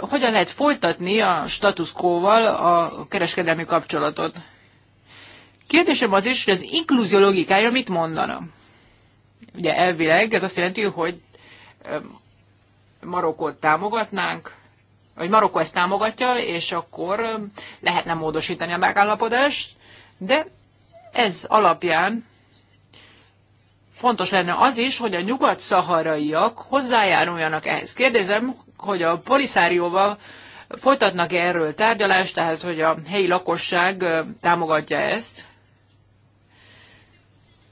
Speaker 1: hogyan lehet folytatni a status quo-val a kereskedelmi kapcsolatot. Kérdésem az is, hogy az inkluzió logikája mit mondana? Ugye elvileg ez azt jelenti, hogy Marokkot támogatnánk, vagy Marokko ezt támogatja, és akkor lehetne módosítani a megállapodást, de ez alapján fontos lenne az is, hogy a nyugat-szaharaiak hozzájáruljanak ehhez. Kérdezem, hogy a poliszárióval folytatnak-e erről tárgyalást, tehát hogy a helyi lakosság támogatja ezt.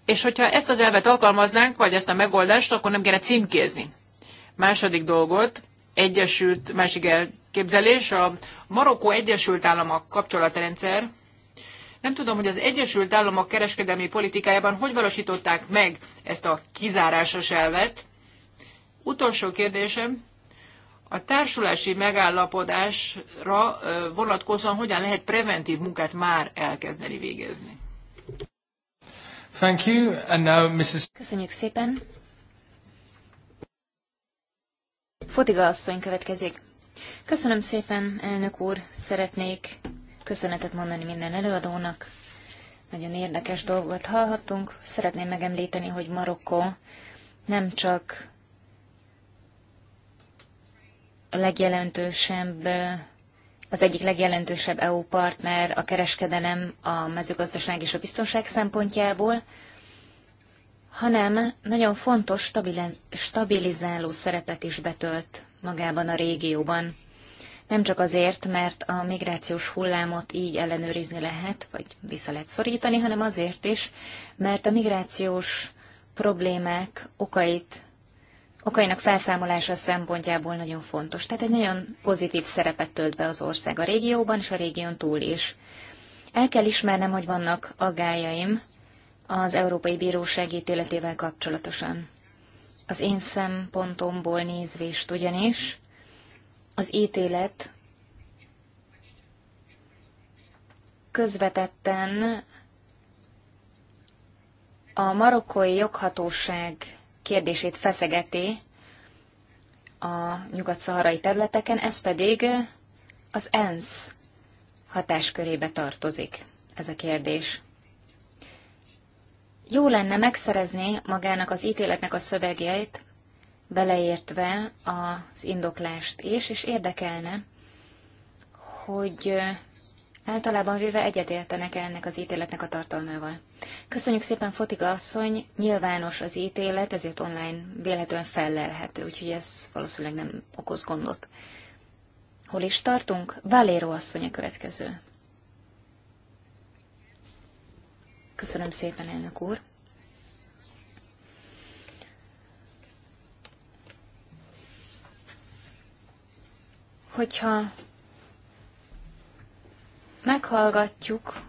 Speaker 1: És hogyha ezt az elvet alkalmaznánk, vagy ezt a megoldást, akkor nem kéne címkézni. Második dolgot, egyesült, másik elképzelés, a Marokkó Egyesült Államok kapcsolatrendszer. Nem tudom, hogy az Egyesült Államok kereskedelmi politikájában hogy valósították meg ezt a kizárásos elvet. Utolsó kérdésem, a társulási megállapodásra vonatkozóan hogyan lehet preventív munkát
Speaker 3: már elkezdeni végezni?
Speaker 2: Thank you, and now Mrs.
Speaker 3: Köszönjük szépen. Fotiga asszony következik. Köszönöm szépen, elnök úr, szeretnék köszönetet mondani minden előadónak. Nagyon érdekes dolgot hallhattunk. Szeretném megemlíteni, hogy Marokkó nem csak legjelentősebb, az egyik legjelentősebb EU partner a kereskedelem, a mezőgazdaság és a biztonság szempontjából, hanem nagyon fontos stabilizáló szerepet is betölt magában a régióban. Nem csak azért, mert a migrációs hullámot így ellenőrizni lehet, vagy vissza lehet szorítani, hanem azért is, mert a migrációs problémák okait okainak felszámolása szempontjából nagyon fontos. Tehát egy nagyon pozitív szerepet tölt be az ország a régióban és a régión túl is. El kell ismernem, hogy vannak aggájaim az Európai Bíróság ítéletével kapcsolatosan. Az én szempontomból nézvést ugyanis az ítélet közvetetten a marokkói joghatóság kérdését feszegeti a nyugat-szaharai területeken, ez pedig az ENSZ hatáskörébe tartozik ez a kérdés. Jó lenne megszerezni magának az ítéletnek a szövegjeit, beleértve az indoklást is, és érdekelne, hogy Általában véve egyetértenek -e ennek az ítéletnek a tartalmával. Köszönjük szépen, Fotiga asszony, nyilvános az ítélet, ezért online véletlenül fellelhető, úgyhogy ez valószínűleg nem okoz gondot. Hol is tartunk? Valéro asszony a következő. Köszönöm szépen, elnök úr. Hogyha meghallgatjuk,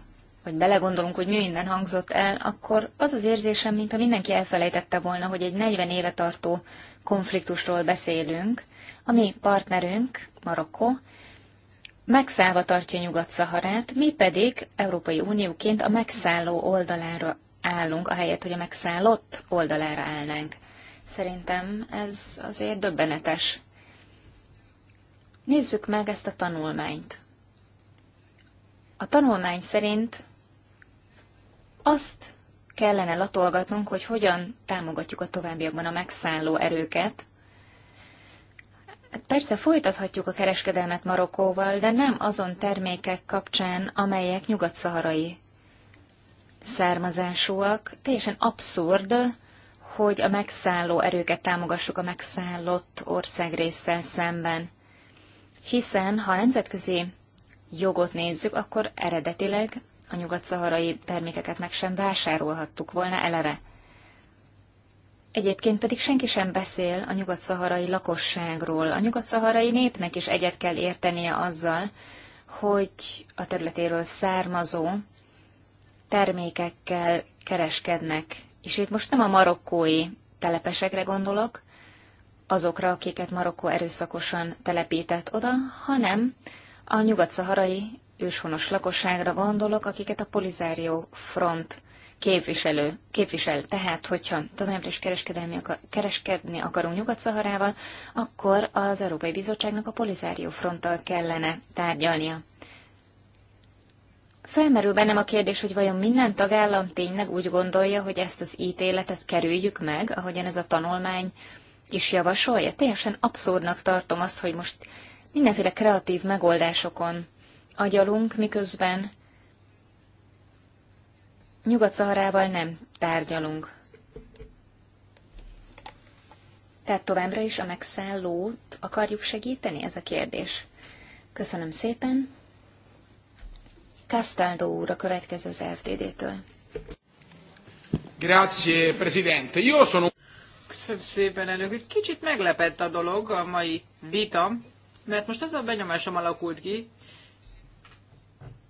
Speaker 3: vagy belegondolunk, hogy mi minden hangzott el, akkor az az érzésem, mintha mindenki elfelejtette volna, hogy egy 40 éve tartó konfliktusról beszélünk, ami partnerünk, Marokko, megszállva tartja Nyugat-Szaharát, mi pedig Európai Unióként a megszálló oldalára állunk, ahelyett, hogy a megszállott oldalára állnánk. Szerintem ez azért döbbenetes. Nézzük meg ezt a tanulmányt. A tanulmány szerint azt kellene latolgatnunk, hogy hogyan támogatjuk a továbbiakban a megszálló erőket. Persze folytathatjuk a kereskedelmet Marokkóval, de nem azon termékek kapcsán, amelyek nyugat-szaharai származásúak. Teljesen abszurd, hogy a megszálló erőket támogassuk a megszállott ország szemben. Hiszen, ha a nemzetközi jogot nézzük, akkor eredetileg a nyugat-szaharai termékeket meg sem vásárolhattuk volna eleve. Egyébként pedig senki sem beszél a nyugat-szaharai lakosságról. A nyugat-szaharai népnek is egyet kell értenie azzal, hogy a területéről származó termékekkel kereskednek. És itt most nem a marokkói telepesekre gondolok, azokra, akiket Marokkó erőszakosan telepített oda, hanem a nyugat-szaharai őshonos lakosságra gondolok, akiket a Polizárió Front képviselő, képvisel. Tehát, hogyha továbbra is kereskedelmi akar, kereskedni akarunk Nyugat-Szaharával, akkor az Európai Bizottságnak a Polizárió Fronttal kellene tárgyalnia. Felmerül bennem a kérdés, hogy vajon minden tagállam tényleg úgy gondolja, hogy ezt az ítéletet kerüljük meg, ahogyan ez a tanulmány is javasolja. Teljesen abszurdnak tartom azt, hogy most mindenféle kreatív megoldásokon agyalunk, miközben Nyugat-Szaharával nem tárgyalunk. Tehát továbbra is a megszállót akarjuk segíteni? Ez a kérdés. Köszönöm szépen. Castaldo úr a következő az FDD-től.
Speaker 2: Grazie, Presidente.
Speaker 1: Io sono... Köszönöm szépen, elnök. Egy kicsit meglepett a dolog, a mai vita. Mert most az a benyomásom alakult ki,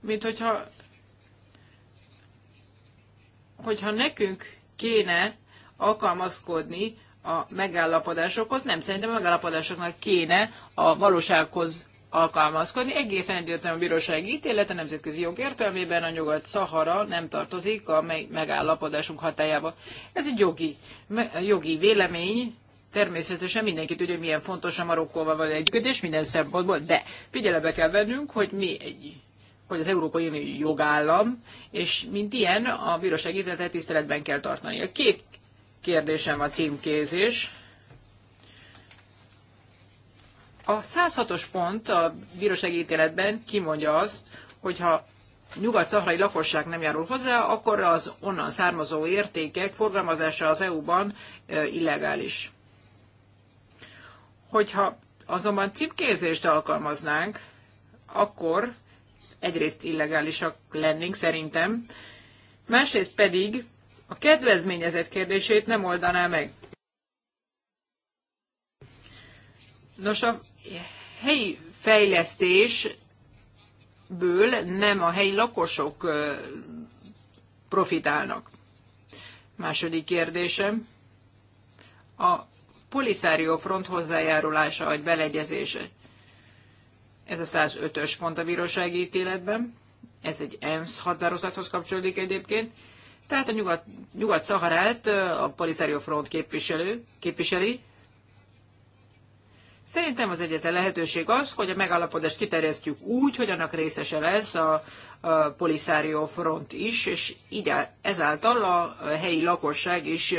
Speaker 1: mint hogyha, hogyha nekünk kéne alkalmazkodni a megállapodásokhoz, nem szerintem a megállapodásoknak kéne a valósághoz alkalmazkodni. Egészen egyértelműen a bíróság ítélete nemzetközi jog értelmében a Nyugat-Szahara nem tartozik a megállapodásunk hatájába. Ez egy jogi, jogi vélemény, Természetesen mindenki tudja, milyen fontos a Marokkóval való együttműködés minden szempontból, de figyelembe kell vennünk, hogy mi egy hogy az Európai Unió jogállam, és mint ilyen a bíróság ítéletet tiszteletben kell tartani. A két kérdésem a címkézés. A 106-os pont a bíróság ítéletben kimondja azt, hogyha nyugat-szahrai lakosság nem járul hozzá, akkor az onnan származó értékek forgalmazása az EU-ban illegális. Hogyha azonban címkézést alkalmaznánk, akkor egyrészt illegálisak lennénk szerintem, másrészt pedig a kedvezményezett kérdését nem oldaná meg. Nos, a helyi fejlesztésből nem a helyi lakosok profitálnak. Második kérdésem. A Polisario Front hozzájárulása vagy beleegyezése. Ez a 105-ös pont a bírósági ítéletben. Ez egy ENSZ határozathoz kapcsolódik egyébként. Tehát a Nyugat-Szaharát a Polisario Front képviselő, képviseli, Szerintem az egyetlen lehetőség az, hogy a megállapodást kiterjesztjük úgy, hogy annak részese lesz a, a Polisario Front is, és így ezáltal a helyi lakosság is,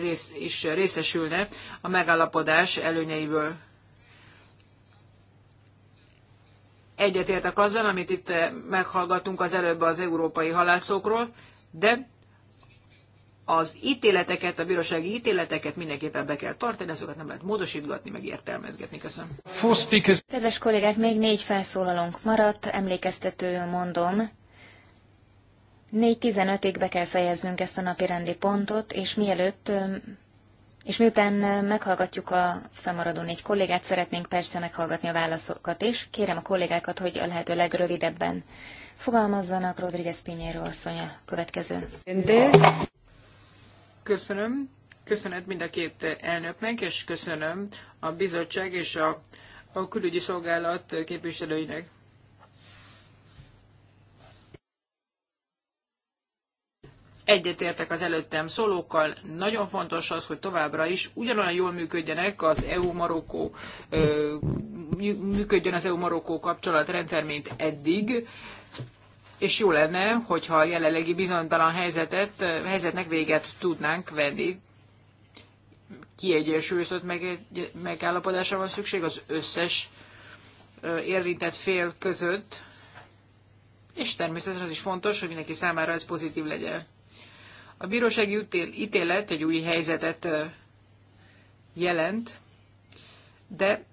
Speaker 1: rész, is részesülne a megállapodás előnyeiből. Egyetértek azzal, amit itt eh, meghallgattunk az előbb az európai halászokról, de az ítéleteket, a bírósági ítéleteket mindenképpen be kell tartani, azokat nem lehet módosítgatni, meg értelmezgetni. Köszönöm.
Speaker 3: Kedves kollégák, még négy felszólalónk maradt, emlékeztetőül mondom. 4.15-ig be kell fejeznünk ezt a napi rendi pontot, és mielőtt és miután meghallgatjuk a fennmaradó négy kollégát, szeretnénk persze meghallgatni a válaszokat is. Kérem a kollégákat, hogy a lehető legrövidebben fogalmazzanak. Rodriguez Pinheiro asszony a következő.
Speaker 2: Köszönöm.
Speaker 1: Köszönet mind a két elnöknek, és köszönöm a bizottság és a, a külügyi szolgálat képviselőinek. Egyetértek az előttem szólókkal, nagyon fontos az, hogy továbbra is ugyanolyan jól működjenek az EU-Marokkó, működjön az EU-Marokkó kapcsolatrendszer, mint eddig és jó lenne, hogyha a jelenlegi bizonytalan helyzetet, helyzetnek véget tudnánk venni. Kiegyensúlyozott meg, megállapodásra van szükség az összes érintett fél között, és természetesen az is fontos, hogy mindenki számára ez pozitív legyen. A bírósági ítélet egy új helyzetet jelent, de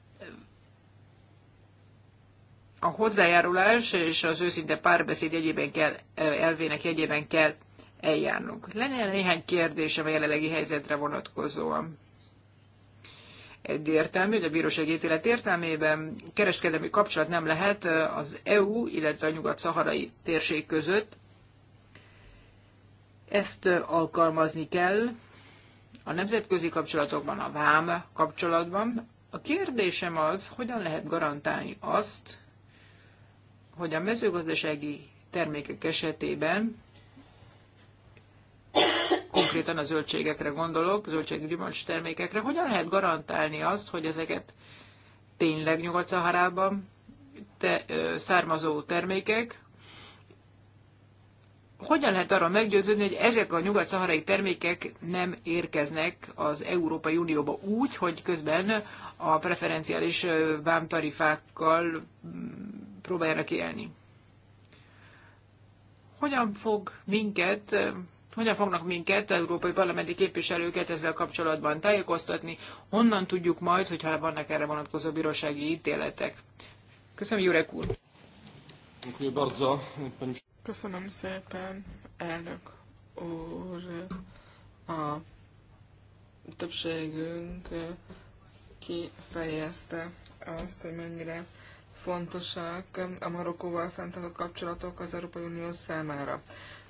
Speaker 1: a hozzájárulás és az őszinte párbeszéd jegyében kell, eh, elvének jegyében kell eljárnunk. Lenne néhány kérdésem a jelenlegi helyzetre vonatkozóan. Egyértelmű, hogy a bíróság ítélet értelmében kereskedelmi kapcsolat nem lehet eh, az EU, illetve a nyugat-szaharai térség között. Ezt eh, alkalmazni kell a nemzetközi kapcsolatokban, a vám kapcsolatban. A kérdésem az, hogyan lehet garantálni azt, hogy a mezőgazdasági termékek esetében, konkrétan a zöldségekre gondolok, zöldséggyümölcs termékekre, hogyan lehet garantálni azt, hogy ezeket tényleg Nyugat-Szaharában te, ö, származó termékek, hogyan lehet arra meggyőződni, hogy ezek a nyugat-szaharai termékek nem érkeznek az Európai Unióba úgy, hogy közben a preferenciális vámtarifákkal próbáljanak élni. Hogyan fog minket, hogyan fognak minket, európai parlamenti képviselőket ezzel kapcsolatban tájékoztatni? Honnan tudjuk majd, hogyha vannak erre vonatkozó bírósági ítéletek? Köszönöm, Jurek úr!
Speaker 2: Köszönöm szépen, elnök úr! A többségünk kifejezte azt, hogy mennyire fontosak a Marokkóval fenntartott kapcsolatok az Európai Unió számára.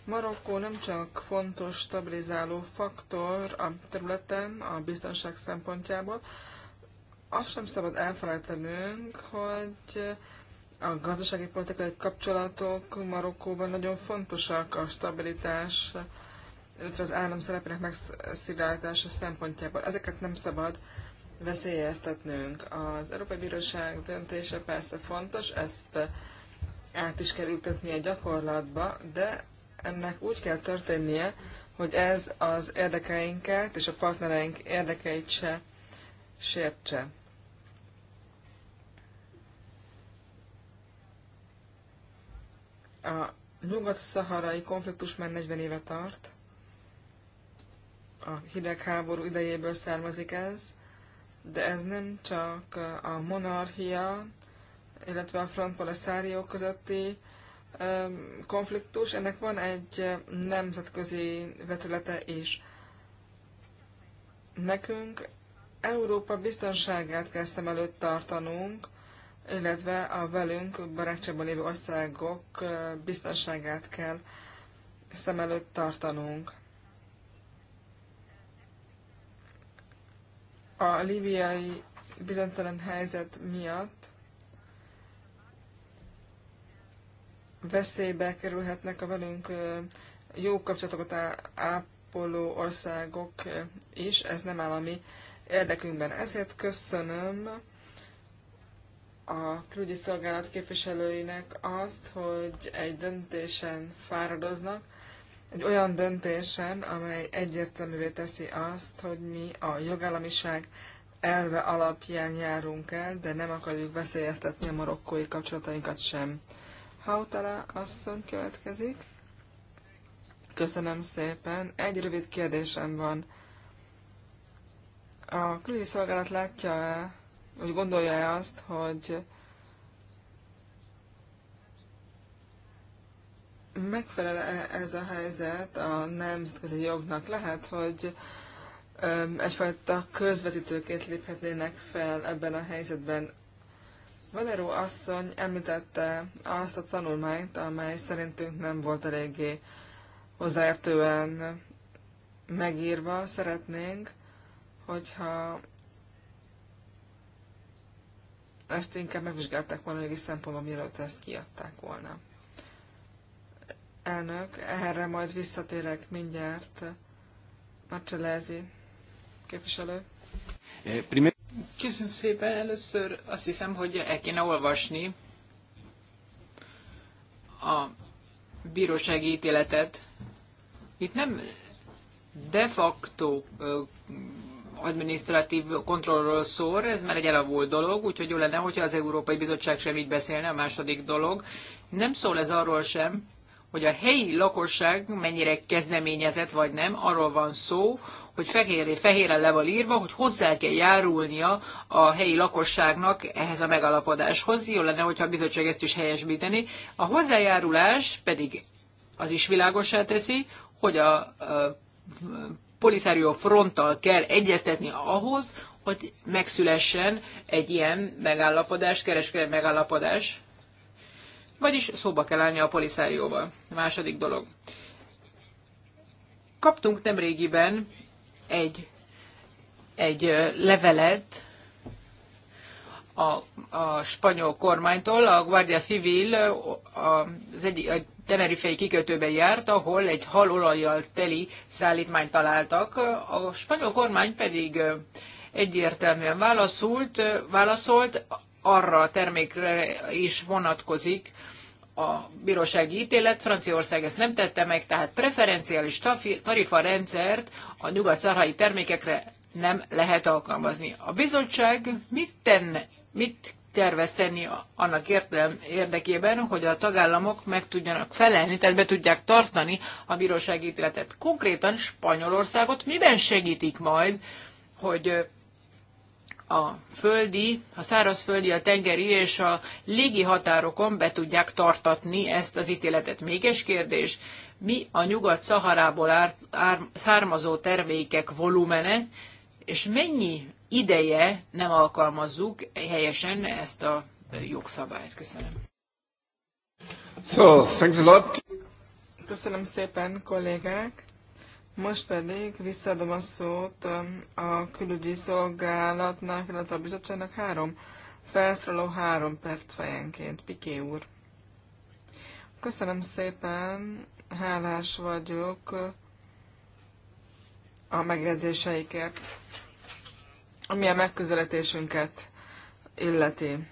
Speaker 2: Marokkó nem csak fontos stabilizáló faktor a területen, a biztonság szempontjából, azt sem szabad elfelejtenünk, hogy a gazdasági politikai kapcsolatok Marokkóban nagyon fontosak a stabilitás, illetve az állam szerepének megszilárdítása szempontjából. Ezeket nem szabad veszélyeztetnünk. Az Európai Bíróság döntése persze fontos, ezt át is kell ültetni a gyakorlatba, de ennek úgy kell történnie, hogy ez az érdekeinket és a partnereink érdekeit se sértse. A nyugat-szaharai konfliktus már 40 éve tart. A hidegháború idejéből származik ez de ez nem csak a monarchia, illetve a Front közötti konfliktus, ennek van egy nemzetközi vetülete is. Nekünk Európa biztonságát kell szem előtt tartanunk, illetve a velünk barátságban lévő országok eh, biztonságát kell szem előtt tartanunk. a líbiai bizonytalan helyzet miatt veszélybe kerülhetnek a velünk jó kapcsolatokat ápoló országok is, ez nem áll a mi érdekünkben. Ezért köszönöm a külügyi szolgálat képviselőinek azt, hogy egy döntésen fáradoznak, egy olyan döntésen, amely egyértelművé teszi azt, hogy mi a jogállamiság elve alapján járunk el, de nem akarjuk veszélyeztetni a marokkói kapcsolatainkat sem. Hautala asszony következik. Köszönöm szépen. Egy rövid kérdésem van. A külügyi szolgálat látja -e, vagy gondolja -e azt, hogy megfelel -e ez a helyzet a nemzetközi jognak? Lehet, hogy egyfajta közvetítőként léphetnének fel ebben a helyzetben. Valeró asszony említette azt a tanulmányt, amely szerintünk nem volt eléggé hozzáértően megírva. Szeretnénk, hogyha ezt inkább megvizsgálták volna jogi szempontból, mielőtt ezt kiadták volna elnök, erre majd visszatérek mindjárt. Marcellezi, képviselő. Köszönöm szépen. Először azt hiszem, hogy el
Speaker 1: kéne olvasni a bírósági ítéletet. Itt nem de facto administratív kontrollról szól, ez már egy elavult dolog, úgyhogy jó lenne, hogyha az Európai Bizottság sem így beszélne, a második dolog. Nem szól ez arról sem, hogy a helyi lakosság mennyire kezdeményezett vagy nem, arról van szó, hogy fehérre, fehérre le van írva, hogy hozzá kell járulnia a helyi lakosságnak ehhez a megalapodáshoz. Jó lenne, hogyha a bizottság ezt is helyesbíteni. A hozzájárulás pedig az is világosá teszi, hogy a, a poliszárió fronttal kell egyeztetni ahhoz, hogy megszülessen egy ilyen megállapodás, kereskedelmi megállapodás vagyis szóba kell állni a poliszárióval. második dolog. Kaptunk nemrégiben egy, egy levelet a, a spanyol kormánytól, a Guardia Civil az egy a Tenerifei kikötőben járt, ahol egy halolajjal teli szállítmányt találtak. A spanyol kormány pedig egyértelműen válaszolt, válaszolt arra a termékre is vonatkozik a bírósági ítélet, Franciaország ezt nem tette meg, tehát preferenciális tarifarendszert a nyugat-szarhai termékekre nem lehet alkalmazni. A bizottság mit, tenne, mit tervez tenni annak érdekében, hogy a tagállamok meg tudjanak felelni, tehát be tudják tartani a bírósági ítéletet. Konkrétan Spanyolországot miben segítik majd, hogy a földi, a szárazföldi, a tengeri és a légi határokon be tudják tartatni ezt az ítéletet. Még egy kérdés, mi a nyugat-szaharából ár, ár, származó termékek volumene, és mennyi ideje nem alkalmazzuk helyesen ezt a jogszabályt? Köszönöm. So, thanks a
Speaker 3: lot.
Speaker 2: Köszönöm szépen, kollégák. Most pedig visszaadom a szót um, a külügyi szolgálatnak, illetve a bizottságnak három felszólaló három perc fejenként. Piké úr. Köszönöm szépen, hálás vagyok uh, a megjegyzéseiket, ami a megközelítésünket illeti.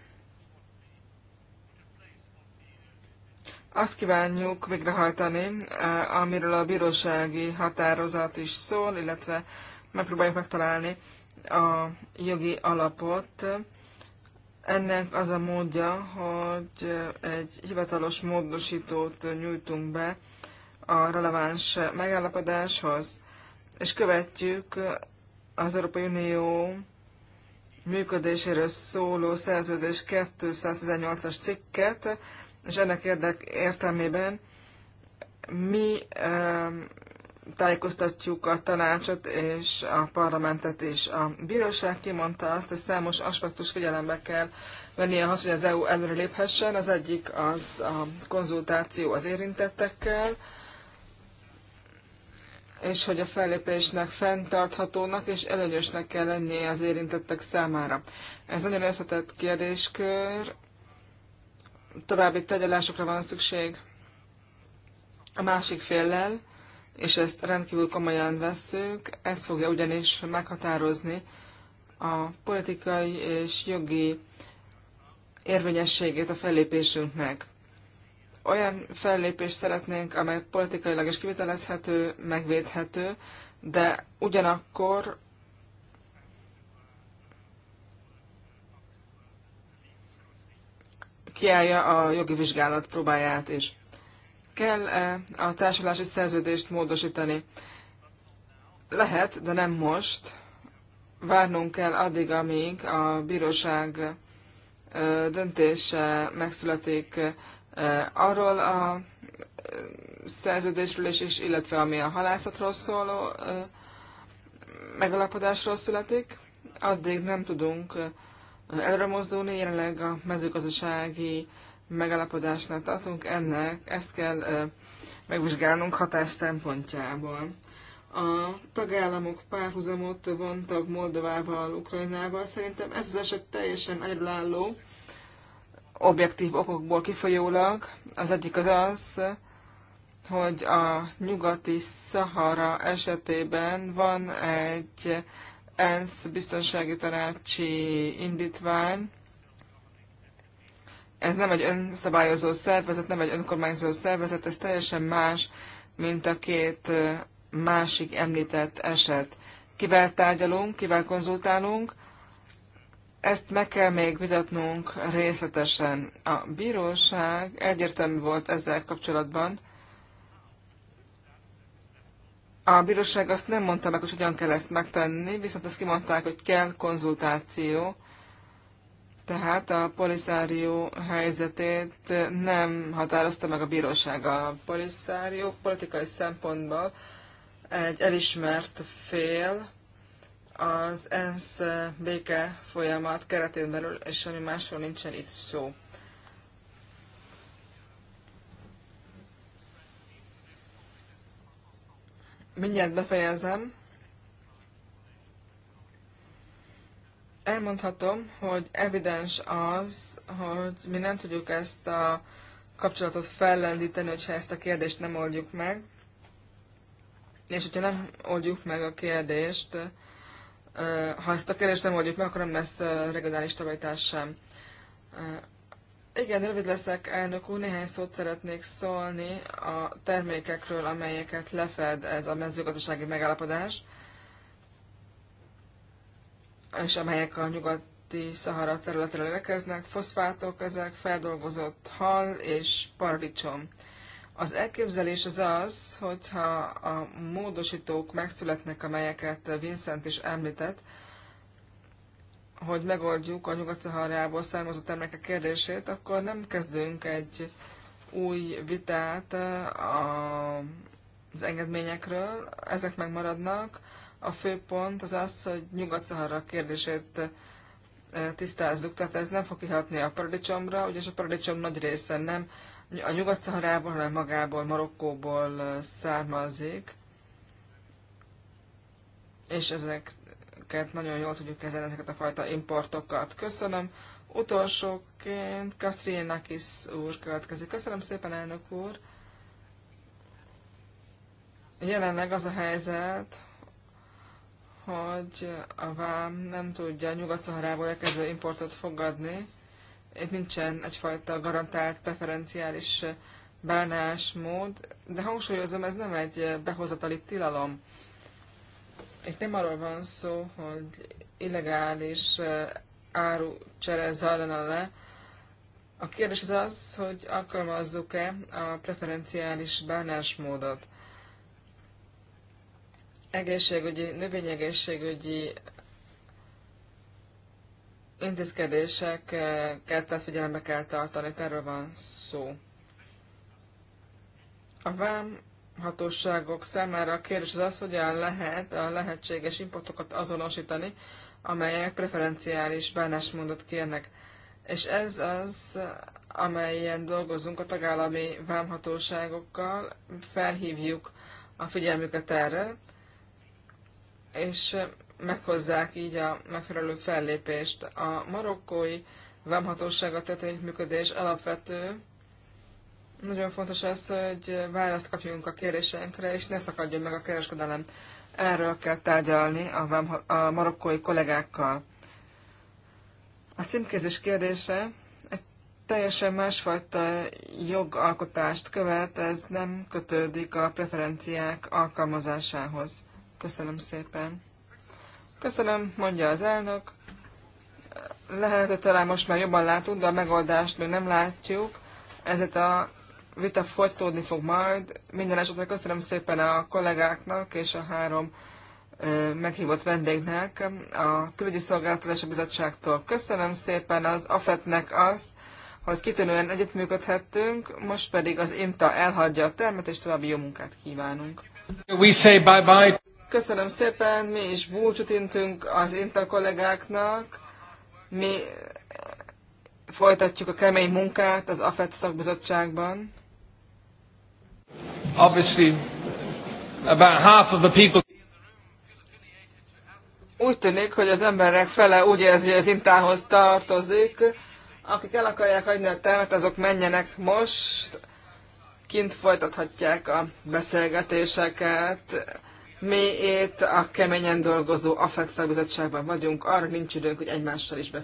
Speaker 2: Azt kívánjuk végrehajtani, eh, amiről a bírósági határozat is szól, illetve megpróbáljuk megtalálni a jogi alapot. Ennek az a módja, hogy egy hivatalos módosítót nyújtunk be a releváns megállapodáshoz, és követjük az Európai Unió működéséről szóló szerződés 218-as cikket, és ennek érdek értelmében mi tájékoztatjuk a tanácsot és a parlamentet is. A bíróság kimondta azt, hogy számos aspektus figyelembe kell vennie ahhoz, hogy az EU előre léphessen. Az egyik az a konzultáció az érintettekkel, és hogy a fellépésnek fenntarthatónak és előnyösnek kell lennie az érintettek számára. Ez nagyon összetett kérdéskör, további tegyelásokra van szükség a másik féllel, és ezt rendkívül komolyan vesszük, ez fogja ugyanis meghatározni a politikai és jogi érvényességét a fellépésünknek. Olyan fellépést szeretnénk, amely politikailag is kivitelezhető, megvédhető, de ugyanakkor kiállja a jogi vizsgálat próbáját is. kell -e a társulási szerződést módosítani? Lehet, de nem most. Várnunk kell addig, amíg a bíróság döntése megszületik arról a szerződésről is, illetve ami a halászatról szóló megalapodásról születik. Addig nem tudunk előre mozdulni, jelenleg a mezőgazdasági megállapodásnál tartunk, ennek ezt kell megvizsgálnunk hatás szempontjából. A tagállamok párhuzamot vontak Moldovával, Ukrajnával, szerintem ez az eset teljesen egyedülálló, objektív okokból kifolyólag. Az egyik az az, hogy a nyugati Szahara esetében van egy ENSZ biztonsági tanácsi indítvány. Ez nem egy önszabályozó szervezet, nem egy önkormányzó szervezet, ez teljesen más, mint a két másik említett eset. Kivel tárgyalunk, kivel konzultálunk, ezt meg kell még vitatnunk részletesen. A bíróság egyértelmű volt ezzel kapcsolatban, a bíróság azt nem mondta meg, hogy hogyan kell ezt megtenni, viszont azt kimondták, hogy kell konzultáció. Tehát a poliszárió helyzetét nem határozta meg a bíróság. A poliszárió politikai szempontból egy elismert fél az ENSZ béke folyamat keretén belül, és ami másról nincsen itt szó. mindjárt befejezem. Elmondhatom, hogy evidens az, hogy mi nem tudjuk ezt a kapcsolatot fellendíteni, hogyha ezt a kérdést nem oldjuk meg. És hogyha nem oldjuk meg a kérdést, ha ezt a kérdést nem oldjuk meg, akkor nem lesz regionális stabilitás sem. Igen, rövid leszek, elnök úr. Néhány szót szeretnék szólni a termékekről, amelyeket lefed ez a mezőgazdasági megállapodás, és amelyek a nyugati Szahara területről érkeznek. Foszfátok, ezek feldolgozott hal és paradicsom. Az elképzelés az az, hogyha a módosítók megszületnek, amelyeket Vincent is említett, hogy megoldjuk a Nyugat-Szaharából származó termékek kérdését, akkor nem kezdünk egy új vitát eh, az engedményekről, ezek megmaradnak. A fő pont az az, hogy Nyugat-Szahara kérdését eh, tisztázzuk, tehát ez nem fog kihatni a paradicsomra, ugyanis a paradicsom nagy része nem a Nyugat-Szaharából, hanem magából, Marokkóból eh, származik, és ezek ezeket, nagyon jól tudjuk kezelni ezeket a fajta importokat. Köszönöm. Utolsóként is úr következik. Köszönöm szépen, elnök úr. Jelenleg az a helyzet, hogy a vám nem tudja Nyugat-Szaharából érkező importot fogadni. Itt nincsen egyfajta garantált preferenciális bánásmód, de hangsúlyozom, ez nem egy behozatali tilalom. Itt nem arról van szó, hogy illegális eh, árucsere zajlana le. A kérdés az az, hogy alkalmazzuk-e a preferenciális bánásmódot. Egészségügyi, növényegészségügyi intézkedéseket tehát figyelembe kell tartani, erről van szó. A vám hatóságok számára a kérdés az az, hogyan lehet a lehetséges importokat azonosítani, amelyek preferenciális bánásmódot kérnek. És ez az, amelyen dolgozunk a tagállami vámhatóságokkal, felhívjuk a figyelmüket erre, és meghozzák így a megfelelő fellépést. A marokkói vámhatósága történik működés alapvető nagyon fontos az, hogy választ kapjunk a kéréseinkre, és ne szakadjon meg a kereskedelem. Erről kell tárgyalni a, a marokkói kollégákkal. A címkézés kérdése egy teljesen másfajta jogalkotást követ, ez nem kötődik a preferenciák alkalmazásához. Köszönöm szépen. Köszönöm, mondja az elnök. Lehet, hogy talán most már jobban látunk, de a megoldást még nem látjuk. Ezért a vita folytatódni fog majd. Minden esetre köszönöm szépen a kollégáknak és a három meghívott vendégnek, a külügyi szolgálattól bizottságtól. Köszönöm szépen az AFET-nek azt, hogy kitűnően együttműködhettünk, most pedig az INTA elhagyja a termet, és további jó munkát kívánunk. We say bye bye. Köszönöm szépen, mi is búcsút intünk az INTA kollégáknak, mi folytatjuk a kemény munkát az AFET szakbizottságban obviously
Speaker 1: about half of the people
Speaker 2: úgy tűnik, hogy az emberek fele úgy érzi, hogy az intához tartozik. Akik el akarják hagyni a termet, azok menjenek most. Kint folytathatják a beszélgetéseket. Mi itt a keményen dolgozó AFEX szakbizottságban vagyunk, arra nincs időnk, hogy egymással is beszéljünk.